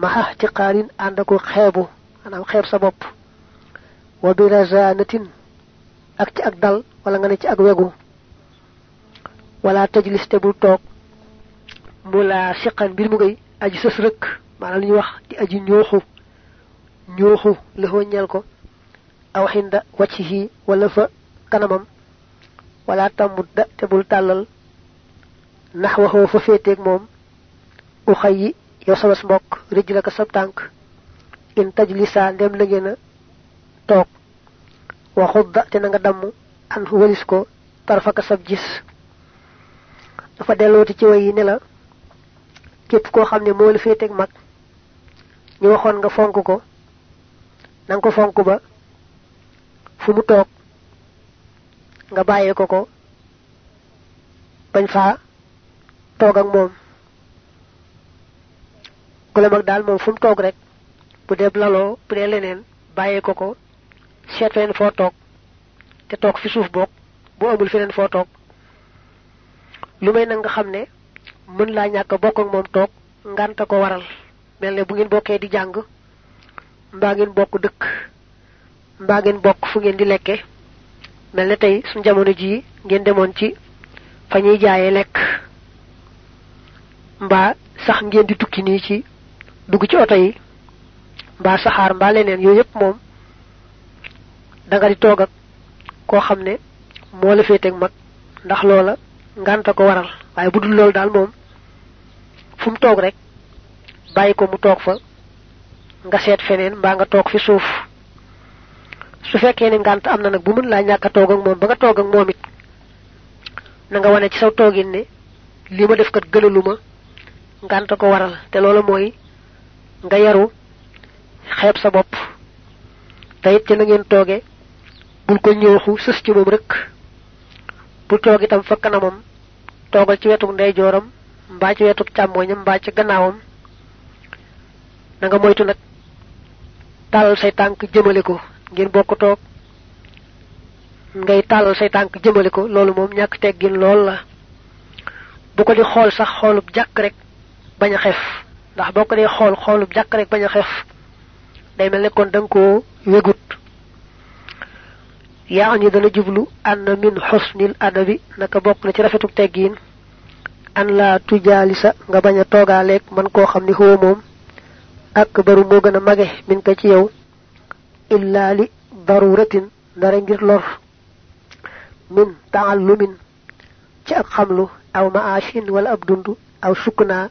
maxa ci qaarin ànd ak xeebu maanaam xeeb sa bopp wa bi razanatin ak ci dal wala nga ne ci ak wegu wala toog mu laa siqan mbir mu ngay li ñuy wax di aji ñooxu ñooxu lëxoo ko aw xinda waccihi wala fa kanamam wala tambut da te bul tàllal nax waxoo fa féeteeg moom u xay yi yow sabas mbokk rëj la ko sab tànk in tajlisa ndem la toog waxut da te na nga damm an walis ko tarfaka sab gis dafa dellooti ci way yi ne la képp koo xam ne moo la féeteeg mag ñu waxoon nga fonk ko na ko fonk ba fu mu toog nga bàyyee ko ko bañ faa toog ak moom ku la mag daal moom fu mu toog rek bu dee laloo bu dee leneen bàyyee ko ko seet feneen foo toog te toog fi suuf boog boo amul feneen foo toog lu may nag nga xam ne mën laa ñàkk bokk ak moom toog ngànta ko waral mel ne bu ngeen bokkee di jàng mbaa ngeen bokk dëkk mbaa ngeen bokk fu ngeen di lekke mel ne tey suñ jamono jii ngeen demoon ci fa ñuy jaayee lekk mbaa sax ngeen di tukki nii ci dugg ci oto yi mbaa saxaar mbaa leneen yooyu yëpp moom danga di toog ak koo xam ne moo la féeteeg mag ndax loola ngànta ko waral waaye bu dul loolu daal moom fu mu toog rek bàyyi ko mu toog fa nga seet feneen mbaa nga toog fi suuf su fekkee ne ngànt am na nag bu mën laa ñàkk a toog ak moom ba nga toog ak moom it na wane ci saw toogin ne li ma def kat gënalu ma ngànt ko waral te loola mooy nga yaru xeeb sa bopp te it ci na ngeen tooge bul ko ñooxu sës ci moom rek bul toog itam fa kanamam toogal ci wetuk ndeyjooram mbaa ci wetuk càmmooñam mbaa ci gannaawam danga nga moytu nag tàllal say tànk jëmale ko ngeen bokk toog ngay tàllal say tànk jëmale ko loolu moom ñàkk teggin lool la bu ko di xool sax xoolub jàkk rekk bañ a xef ndax boo ko dee xool xoolub jàkk rek bañ a xef day mel ne kon da nga yaani dana jublu anna min xusnil adabi naka bokk na ci rafetu teggiin an laa tujaalisa nga bañ a toogaaleeg man koo xam ni xoo moom ak baru moo gën a mage min ko ci yow illaa li daruratin ndara ngir lor min taallumin ci ak xamlu aw maashin wala ab dund aw sukkanaa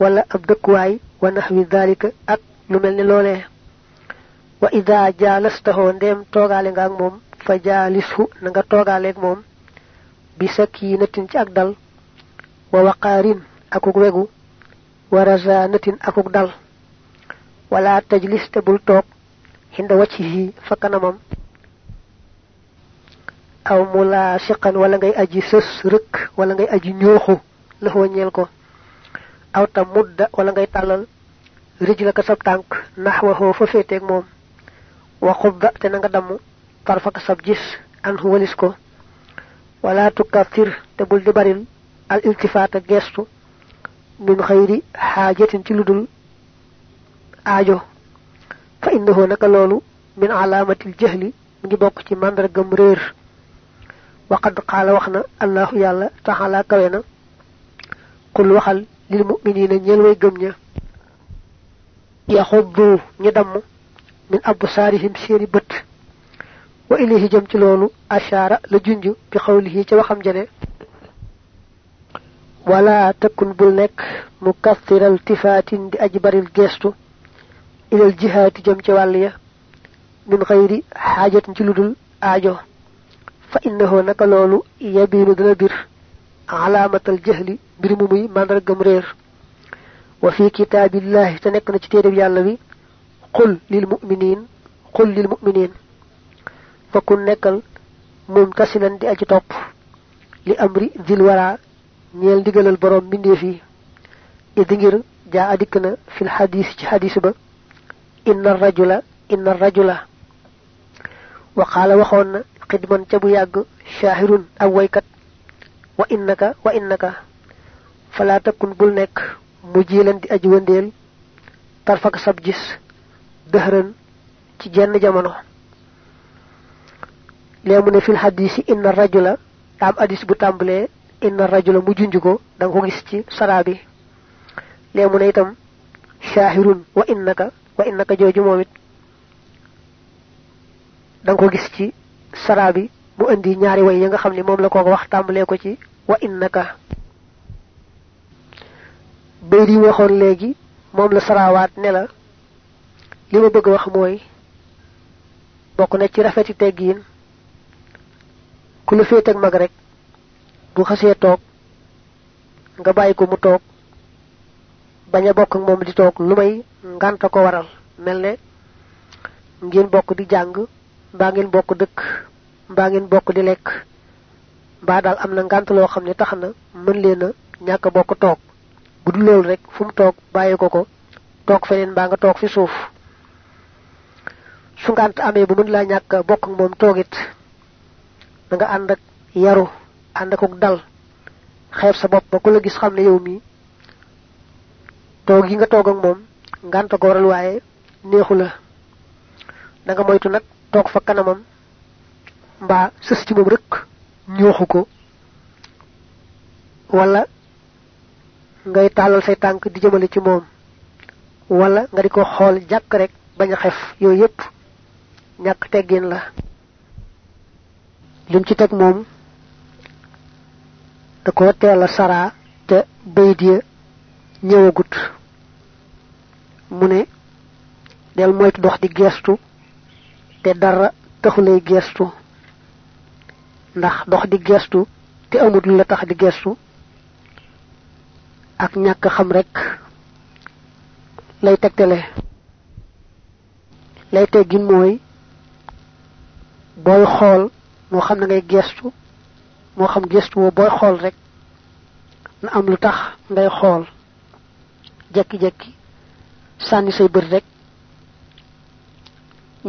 wala ab dëkkuwaay wa naxwi dalika ak lu mel ni loolee wa ida jaalastahoo ndéem toogaale nga ak moom fa jaalishu na nga toogaaleeg moom bi sakiinatin ci ak dal wa waqaarin akuk wegu wa razaanatin akuk dal wala tajlis te bul toog xinda waccihi fa kanamam aw mulaasiqan wala ngay aji sës rëkk wala ngay aji ñooxu laxoo ñeel ko aw ta mudda wala ngay tàllal rij la ka sab tànk naxwa xoo fa féeteeg moom waxubda te na nga damm tarfaka sab gis an hu walis ko wala tukathir te bul di baril al iltifaata geestu min xayri xaajatin ci lu dul aajo fa innahu naka loolu min alaamatil jahli mu ngi bokk ci màndargam réer waqad qaala wax na allahu yàlla taxalaa kawe na qul waxal lil muminina ñeel way gëm ña yaxuddu ñu damm min absaarihim seeni bët wa ilayhi jëm ci loolu ashaara la junj bi xawlihi ca waxam jane wala takkun bul nekk mu kastiral tifaatin di aji baril geestu ilal jihaati jëm ci wàll ya min xayri xaajatin ci ludul aajo fa innahu naka loolu yabiinu dana bir alaamatal jahli mbir mu muy màndargam réer wa fi kitaabillahi te nekk na ci téereb yàlla bi xul lil muminin xul lil nekkal moom tasilan di aji topp li amri dil wara ñeel ndigalal borom mbindeef yi idi ngir jaa adikk na fil xadis ci xadis ba inna rajula inna rajula waxaala waxoon na xidman ca bu yàgg shaahirun ab waykat wa innaka wa innaka falaa takkun bul nekk mu jiilan di aji wëndeel tarfak sab gis dëxëran ci jenn jamono lee mu ne fil xadis yi inna rajula daam hadis bu tàmbalee inna rajula mu junj ko ko gis ci saraa bi lee mu ne itam shaahirun wa innaka wa jooju moom it da ko gis ci saraa bi mu indi ñaari way yi nga xam ne moom la ko wax tàmbalee ko ci wa innaka bayt yi waxoon léegi moom la saraawaat ne la li ma bëgg a wax mooy bokk na ci rafeti teggiin ku la féet ak mag rek bu xasee toog nga bàyyi ko mu toog bañ bokk ak moom di toog lu may ngànta ko waral mel ne ngeen bokk di jàng mbaa ngeen bokk dëkk mbaa ngeen bokk di lekk mbaa daal am na ngànt loo xam ne tax na mën leen a ñàkk bokk toog bu dul loolu rek fu mu toog bàyyi ko ko toog feneen mbaa nga toog fi suuf su ngant amee bu mën laa ñàkk bokk ak moom toogit da ànd ak yaru ànd ak dal xeeb sa bopp ku la gis xam ne yow mii toog yi nga toog ak moom ngànt ko waral waaye neexu la da nga moytu nag toog fa kanamam mbaa sës ci moom rek ñooxu ko wala ngay tàllal say tànk di jëmale ci moom walla nga di ko xool jàkk rek bañ a xef yooyu yépp ñàkk teggin la lim ci teg moom da ko teel saraa te bayit ya ñëwagut mu ne del moytu dox di geestu te dara taxulay geestu ndax dox di geestu te amut lu la tax di geestu ak ñàkk xam rekk lay tegtale lay teggin mooy booy xool moo xam na ngay gestu moo xam gestu woo booy xool rekk na am lu tax ngay xool jekki-jekki sànni say bët rekk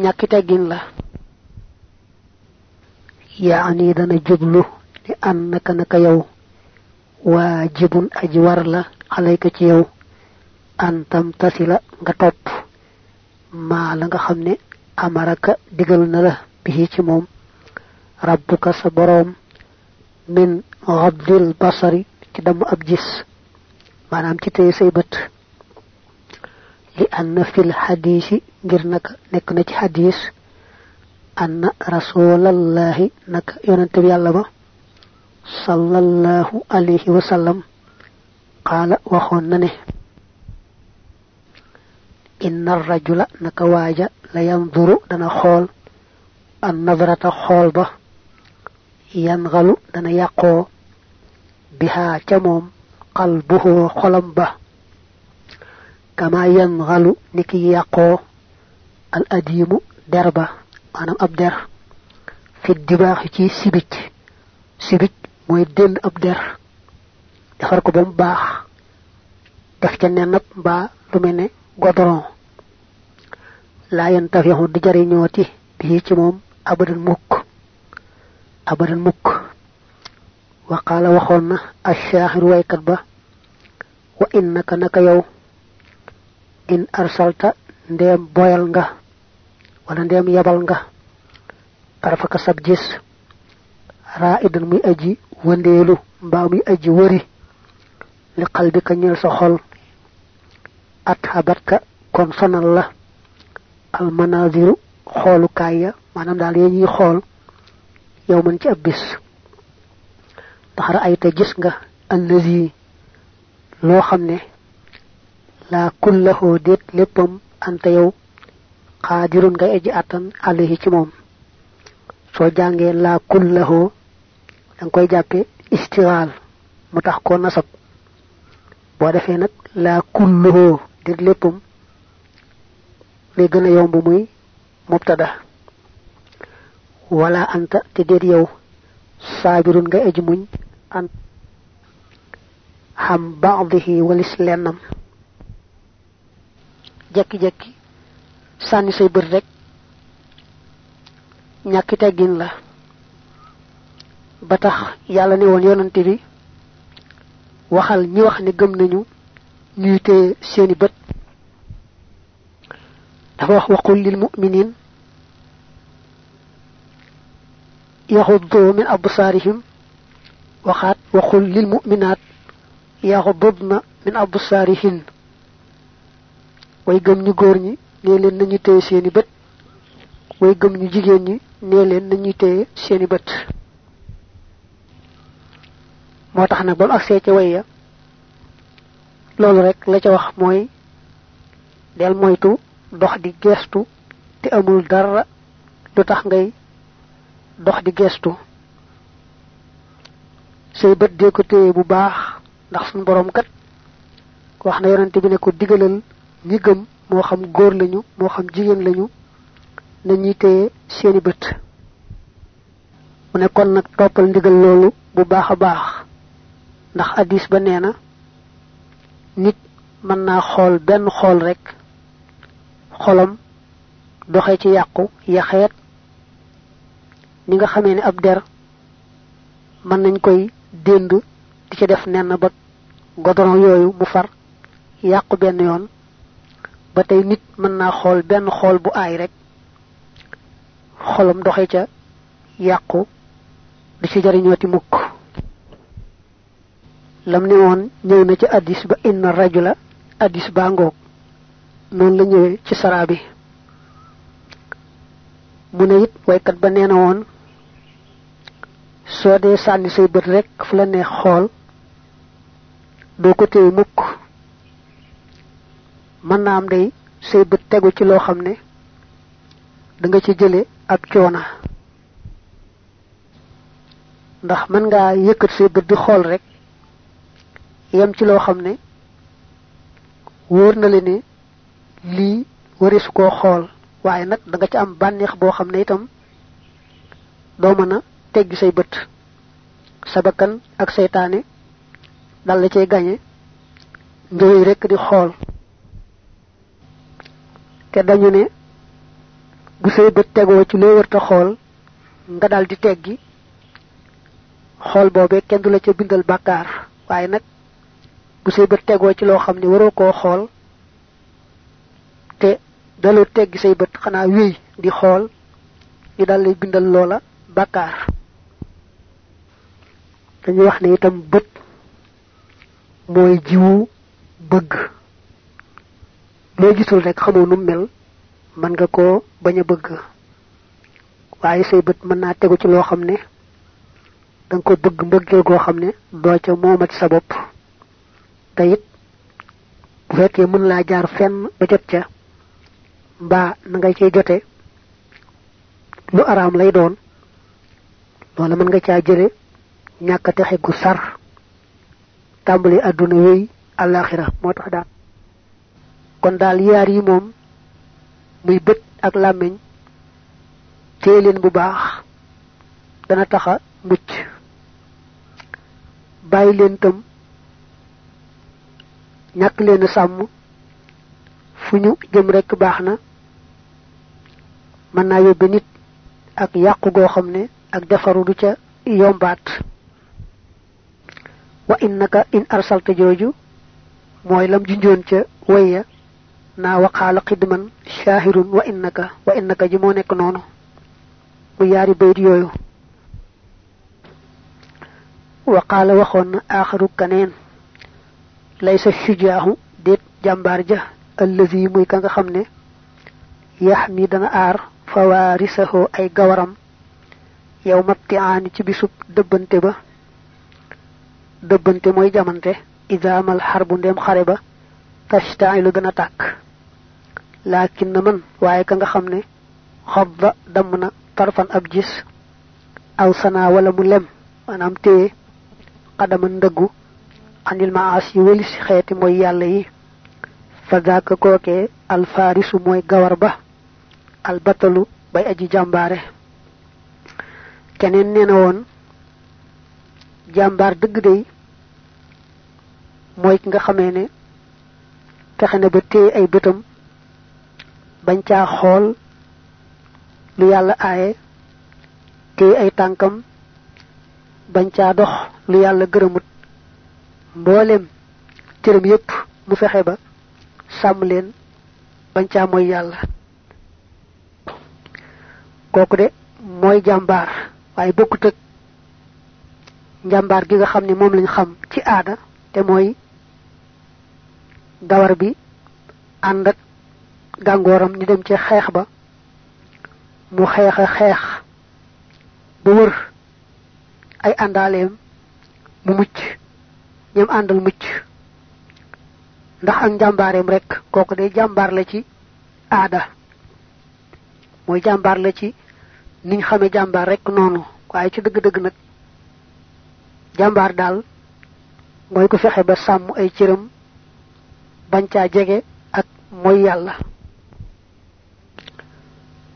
ñàkki teggin la yaani dana jublu ni an naka naka yow waajibun aji war la alayka ci yow an tam tasi la nga topp maa la nga xam ne amaraka digal na la bihi ci moom rabbuka sa boroom min xabdil basari ci damm ab gis maanaam ci tey say bët li anna fil xadiisi ngir naka nekk na ci xadiis anna rasulallaahi naka yonente bi yàlla ba sallallahu alayhi wa sallam waxoon na ne inna rajula naka waaja la yanduru dana xool an nadrata xool ba yan xalu dana yàqoo bihaa ca moom xal buxoo xolam ba kama yan xalu ni ki yàqoo al adiimu der ba maanaam ab der fit dibaaxi ci sibic sibic mooy dénd ab der defar ko ba mu baax def ca nen ab mbaa lu mel ne godoron laa yan tafexu di jariñooti bii ci moom abadan mukk abadan mukk waxoon na alshaaxiru waykat ba wa innaka naka yow in arsalta ndeem boyal nga wala ndeem yabal nga tarafaka sab gis raa idan muy aji wëndeelu mbaa muy wëri li xal bi ka sa xol at habatka kon sonal la almanaziru xoolukaay ya maanaam daal yee ñuy xool yow mën ci ab bis ndax ra'ayta gis nga allazi loo xam ne laa kullahoo déet léppam anta yow xaadirun ngay aji àttan alayhi ci moom soo jàngee laa kullahoo da koy jàppe istiraal mu tax ko nasab boo defee nag laa kullahoo déet léppam lay gën a yomb muy mubtada wala anta te déet yow saabirun ngay aji muñ an xam baadihi walis lennam jekki-jekki sànni say bët rek ñàkki teggin la ba tax yàlla ne woon yonante bi waxal ñi wax ne gëm nañu ñuy téye seeni bët dafa wax waqul lil muminin yaxuddu min absaarihim waxaat waxul lil mu'minaat yaxuddudna min absaarihin way gëm ñu góor ñi nee leen seeni bët way gëm ñu jigéen ñi nee leen nañuy téye seeni bët moo tax nag ba mu agsee ca way ya loolu rek la ca wax mooy del moytu dox di geestu te amul dara lu tax ngay dox di gestu say bët dee ko téye bu baax ndax suñu boroom kat wax na yonente bi ne ko digalal ñi gëm moo xam góor lañu moo xam jigéen lañu na ñuy seeni bët mu ne kon nag toppal ndigal loolu bu baax a baax ndax addis ba nee na nit mën naa xool benn xool rekk xolam doxe ci yàqu yaxeet ni nga xamee ni ab der mën nañ koy dénd di ci def nenn ba godoron yooyu mu far yàqu benn yoon ba tey nit mën naa xool benn xool bu aay rekk xolam doxe ca yàqu du ci jariñooti mukk lam ne woon ñëw na ci addis ba inna rajula addis baa ngoog noonu la ñëwee ci saraa bi mu ne it waykat ba nee na woon soo dee sànni say bët rekk fu la neex xool doo ko téye mukk mën naa am day say bët tegu ci loo xam ne danga ci jële ak coona ndax mën ngaa yëkkat say bët di xool rekk yem ci loo xam ne wóor na la ne lii warisu koo xool waaye nag danga ci am bànneex boo xam ne itam doo mën teggi say bët sa ak seytaane dal la cay gañe nga wéy rekk di xool te dañu ne bu say bët tegoo ci loo wërta xool nga dal di teggi xool boobee kenn du la ca bindal bàkkaar waaye nag bu say bët tegoo ci loo xam ne waroo koo xool te daloo teggi say bët xanaa wéy di xool ñu dal lay bindal loola bàkkaar dañuy wax ne itam bët mooy jiwu bëgg loo gisul rek xamoo nu mel mën nga ko bañ a bëgg waaye say bët mën naa tegu ci loo xam ne da nga ko bëgg mbëggee goo xam ne doo ca moomat sa bopp te it bu fekkee mën laa jaar fenn ba jot ca mbaa na nga cay jote lu araam lay doon loola mën nga caa jële ñàkk a gu sar tàmbali àdduna wéy àllaaxira moo tax daal kon daal yaar yi moom muy bët ak làmmiñ téye leen bu baax dana taxa mucc bàyyi leen tam ñàkk leen sàmm fu ñu jëm rekk baax na mën naa yóbbe nit ak yàqu goo xam ne ak defaru du ca yombaat wa innaka in arsalta jooju mooy lam junjoon ca wayya na waqaala xidman shaahirun wa innaka ji moo nekk noonu mu yaari bayit yooyu waqaala waxoon na aaxaru kaneen laysa shujaahu déet jàmbaar ja allazi muy ka nga xam ne yax dana aar fawaarisahoo ay gawaram yow ànd ci bisub dëbbante ba dëbbante mooy jamante idaamal xar bu ndem xare ba tashta'ilu dana tàkk laakin na man waaye ka nga xam ne xob ba damm na tarfan ab gis aw sanaa wala mu lem maanaam téye xadama ndëggu anil maas yi wëlis xeeti mooy yàlla yi fa zaaka kookee alfaarisu mooy gawar ba albatalu bay aji jàmbaare keneen nee woon jàmbaar dëgg day mooy ki nga xamee ne fexe na ba téye ay bëtam bañ caa xool lu yàlla aaye téye ay tànkam bañ caa dox lu yàlla gërëmut mboolem cëram yépp mu fexe ba sàmm leen bañ caa mooy yàlla kooku de mooy jàmbaar waaye bokkut njàmbaar gi nga xam ne moom lañ xam ci aada te mooy gawar bi ànd gàngooram ñu dem ci xeex ba mu xeex a xeex ba wër ay àndaaleem mu mucc ñoom àndal mucc ndax ak njàmbaareem rek kooku day jàmbaar la ci aada mooy jàmbaar la ci niñ xamee jàmbaar rekk noonu waaye ci dëgg-dëgg nag jàmbaar daal mooy ko fexe ba sàmm ay cëram bañ caa jege ak mooy yàlla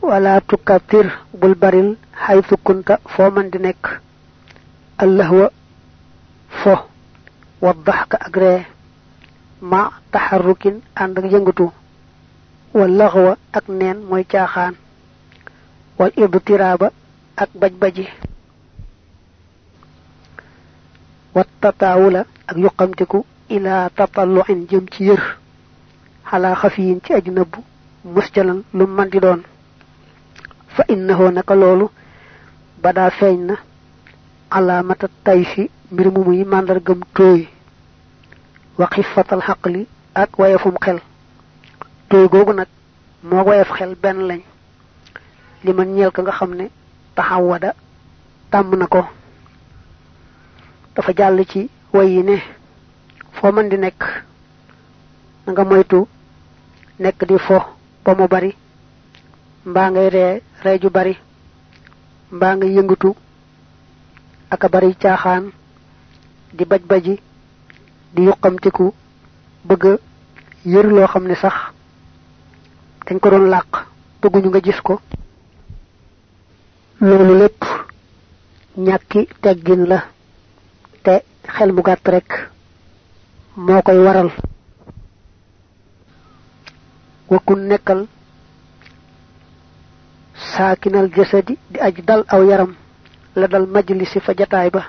wala tukapir bul baril xaytu kunta foo man di nekk allahwa fo waddax ka ak ree ma taxarrukin ànd ak yëngatu wal laxwa ak neen mooy caaxaan wal idtiraaba ak baj-baji wa tataawula ak yuqamtiku ilaa tatalluin jëm ci yër xalaa xafiyin ci aj nëbbu mustalan lu man doon fa innahoo naka loolu badaa feeñ na alaamata tay fi mbir mu muy màndargam tooy wa xifatal xaqli ak wayefum xel tooy googu nag moo wayef xel benn lañ li man ñeel ka nga xam ne taxawada tàmm na ko dafa jàll ci way yi ne foo mën di nekk na moytu nekk di fo ba mu bari mbaa ngay ree ree ju bari mbaa ngay yëngatu ak a caaxaan di baj baji di yuqamtiku bëgg a loo xam ne sax dañ ko doon làq bëgguñu nga gis ko loolu lépp ñàkki teggin la te xel mu gàtt rek moo koy waral wakkun nekkal saakinal jasadi di aj dal aw yaram la dal majlisi fa jataay ba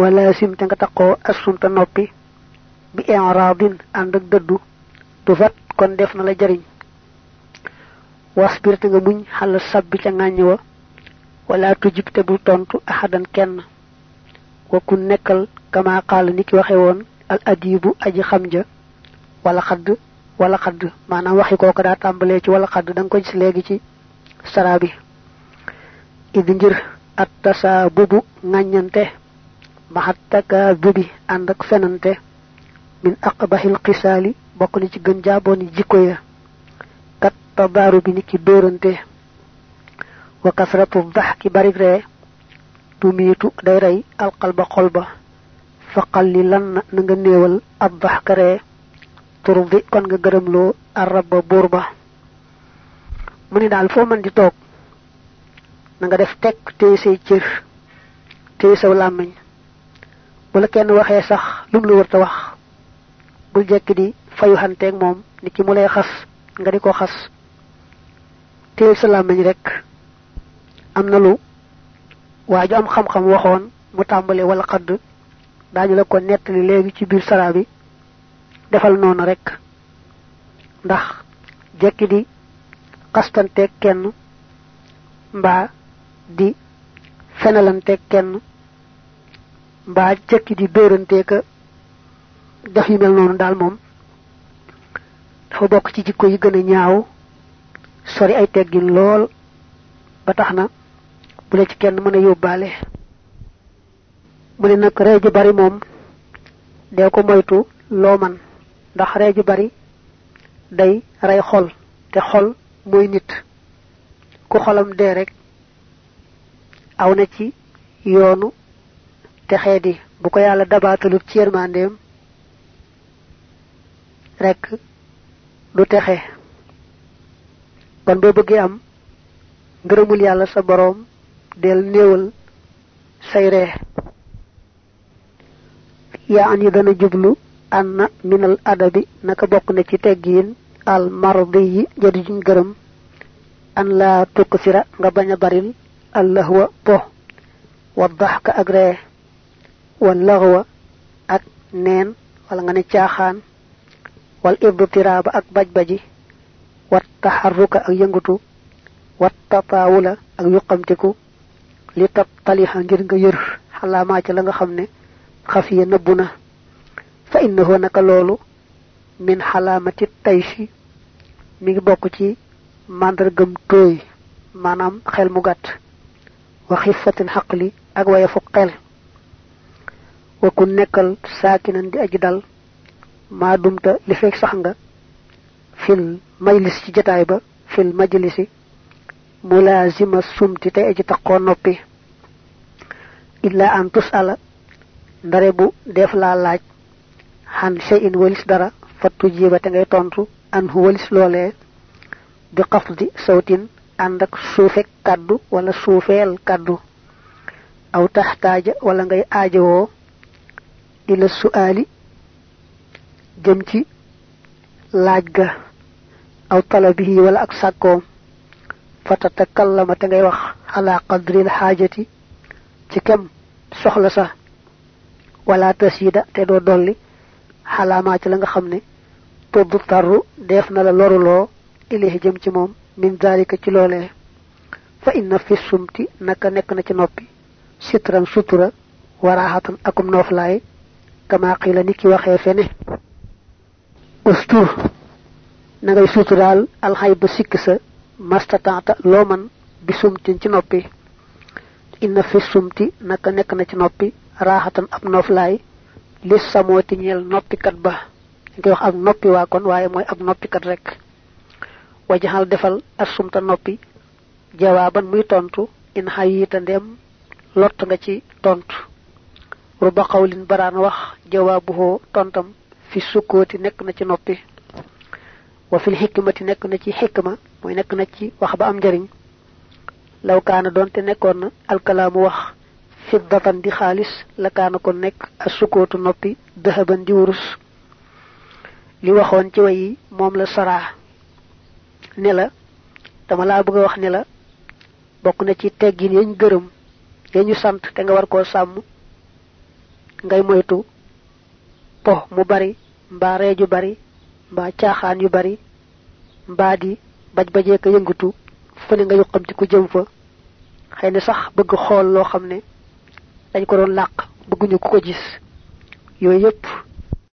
wala sim te nga taqoo assunta noppi bi inradin ànd ak dëddu du fat kon def na la jariñ wasbir te nga muñ xala sabbi ca ŋàññ wa wala tujib te bul tontu ahadan kenn wa ku nekkal kama ni ki waxe woon al adibu aji xam ja wala xadd wala xadd maanaam waxi kooka daa tàmbalee ci wala xadd danga nga ko gis léegi ci saraa bi id ngir at tasaa bubu ŋàññante maxattakaa bubi ànd ak fenante min aqbahil xisaali bokk na ci gën jaaboon jikko ya kat tabaaru bi ni ki dóorante wa kasratu dax ki barik tumiitu day rey alqalba xol ba faqal li lan na nga néewal ab baxkaree tur bi kon nga gërëmloo araba buur ba mu ni daal foo mën di toog na nga def tekk téye say cër téye saw làmmiñ bu la kenn waxee sax lum la wërta wax bu jekki di fayu xanteeg moom ni ki mu lay xas nga di ko xas téye sa làmmiñ rek am na lu waa ju am xam-xam waxoon mu tàmbali walla xadd daañu la ko nettali léegi ci biir saraa bi defal noonu rek ndax jekki di xastanteeg kenn mbaa di fenalanteeg kenn mbaa jekki di béeranteeka def yi mel noonu daal moom dafa bokk ci jikko yi gën ñaaw sori ay teggin lool ba tax na bu la ci kenn mën a yóbbaale mu ne nag ree ju bari moom dee ko moytu loo man ndax ree ju bari day rey xol te xol mooy nit ku xolam dee rekk aw na ci yoonu te xeedi bu ko yàlla dabaatalut ci yërmandeem rek du texe kon boo bëggee am ngërëmul yàlla sa boroom del néewal say ree yaa an yi dana jublu anna minal adabi naka bokk na ci teggiin al mardi yi jadi juñ gërëm an laa tukk sira nga bañ a baril al lahwa po wa daxka ak ree wal laxwa ak neen wala nga ne caaxaan wal ibtiraaba ak baj-baji wat taxarruka ak yëngutu wat tataawula ak yuqamtiku li tab talixa ngir nga yër xalaamaa la nga xam ne xafiya nëbbu na fa innahu naka loolu min xalaamati tayshi mi ngi bokk ci màndargam tooy maanaam xel mu gàtt wa xifatin xaqli ak wayafu xel wa ku nekkal saakinan di aji dal maa dumta li fekk sax nga fil majlis ci jataay ba fil majlisi mulaazima sumti tey aji takkoo noppi illaa an tus ala ndare bu def laa laaj xan shay'in walis dara fattu jiiba te ngay tontu an hu walis loolee bi xafdi sawtin ànd ak suufek kàddu wala suufeel kàddu aw taxtaaja wala ngay aajowoo ila suaali jëm ci laaj ga aw talabihi wala ak sàkkoom fa tatakallama te ngay wax ala qadril xaajati ci kem soxla sa wala tasida te doo dolli xalaamaa ci la nga xam ne tudd tarru def na la loruloo ilayhi jëm ci moom min zalika ci loolee fa inna fi sumti naka nekk na ci noppi sitran sutura waraaxatan akum nooflaay kama qila ni ki waxee fene ustur na ngay alxay ba sikk sa mastataata loo man bi sumtin ci noppi inna fi sumti naka nekk na ci noppi raaxatan ab noflaay li samooti ñeel noppikat ba dañ wax ak noppi waa kon waaye mooy ab noppikat rek wajaxal defal as sumta noppi jawaaban muy tontu in xay yiita ndeem nga ci tontu ruba xawlin baraan wax jawaabuhoo tontam fi sukkooti nekk na ci noppi wa fil xikmati nekk na ci xikma mooy nekk na ci wax ba am njariñ law kaana doonte nekkoon na alkalaamu wax fiddatan di xaalis la ko nekk as sukootu noppi dëhaban di wurus li waxoon ci way yi moom la saraa ne la dama la bëgg a wax ne la bokk na ci teggin yañ gërëm yañu sant te nga war koo sàmm ngay moytu po mu bari mbaa reeju bari mbaa caaxaan yu bari mbaa di baj bajee ko yëngatu fële nga yoqamti ku jëm fa xëy na sax bëgg xool loo xam ne dañ ko doon làq bëgguñu ku ko gis yooyu yëpp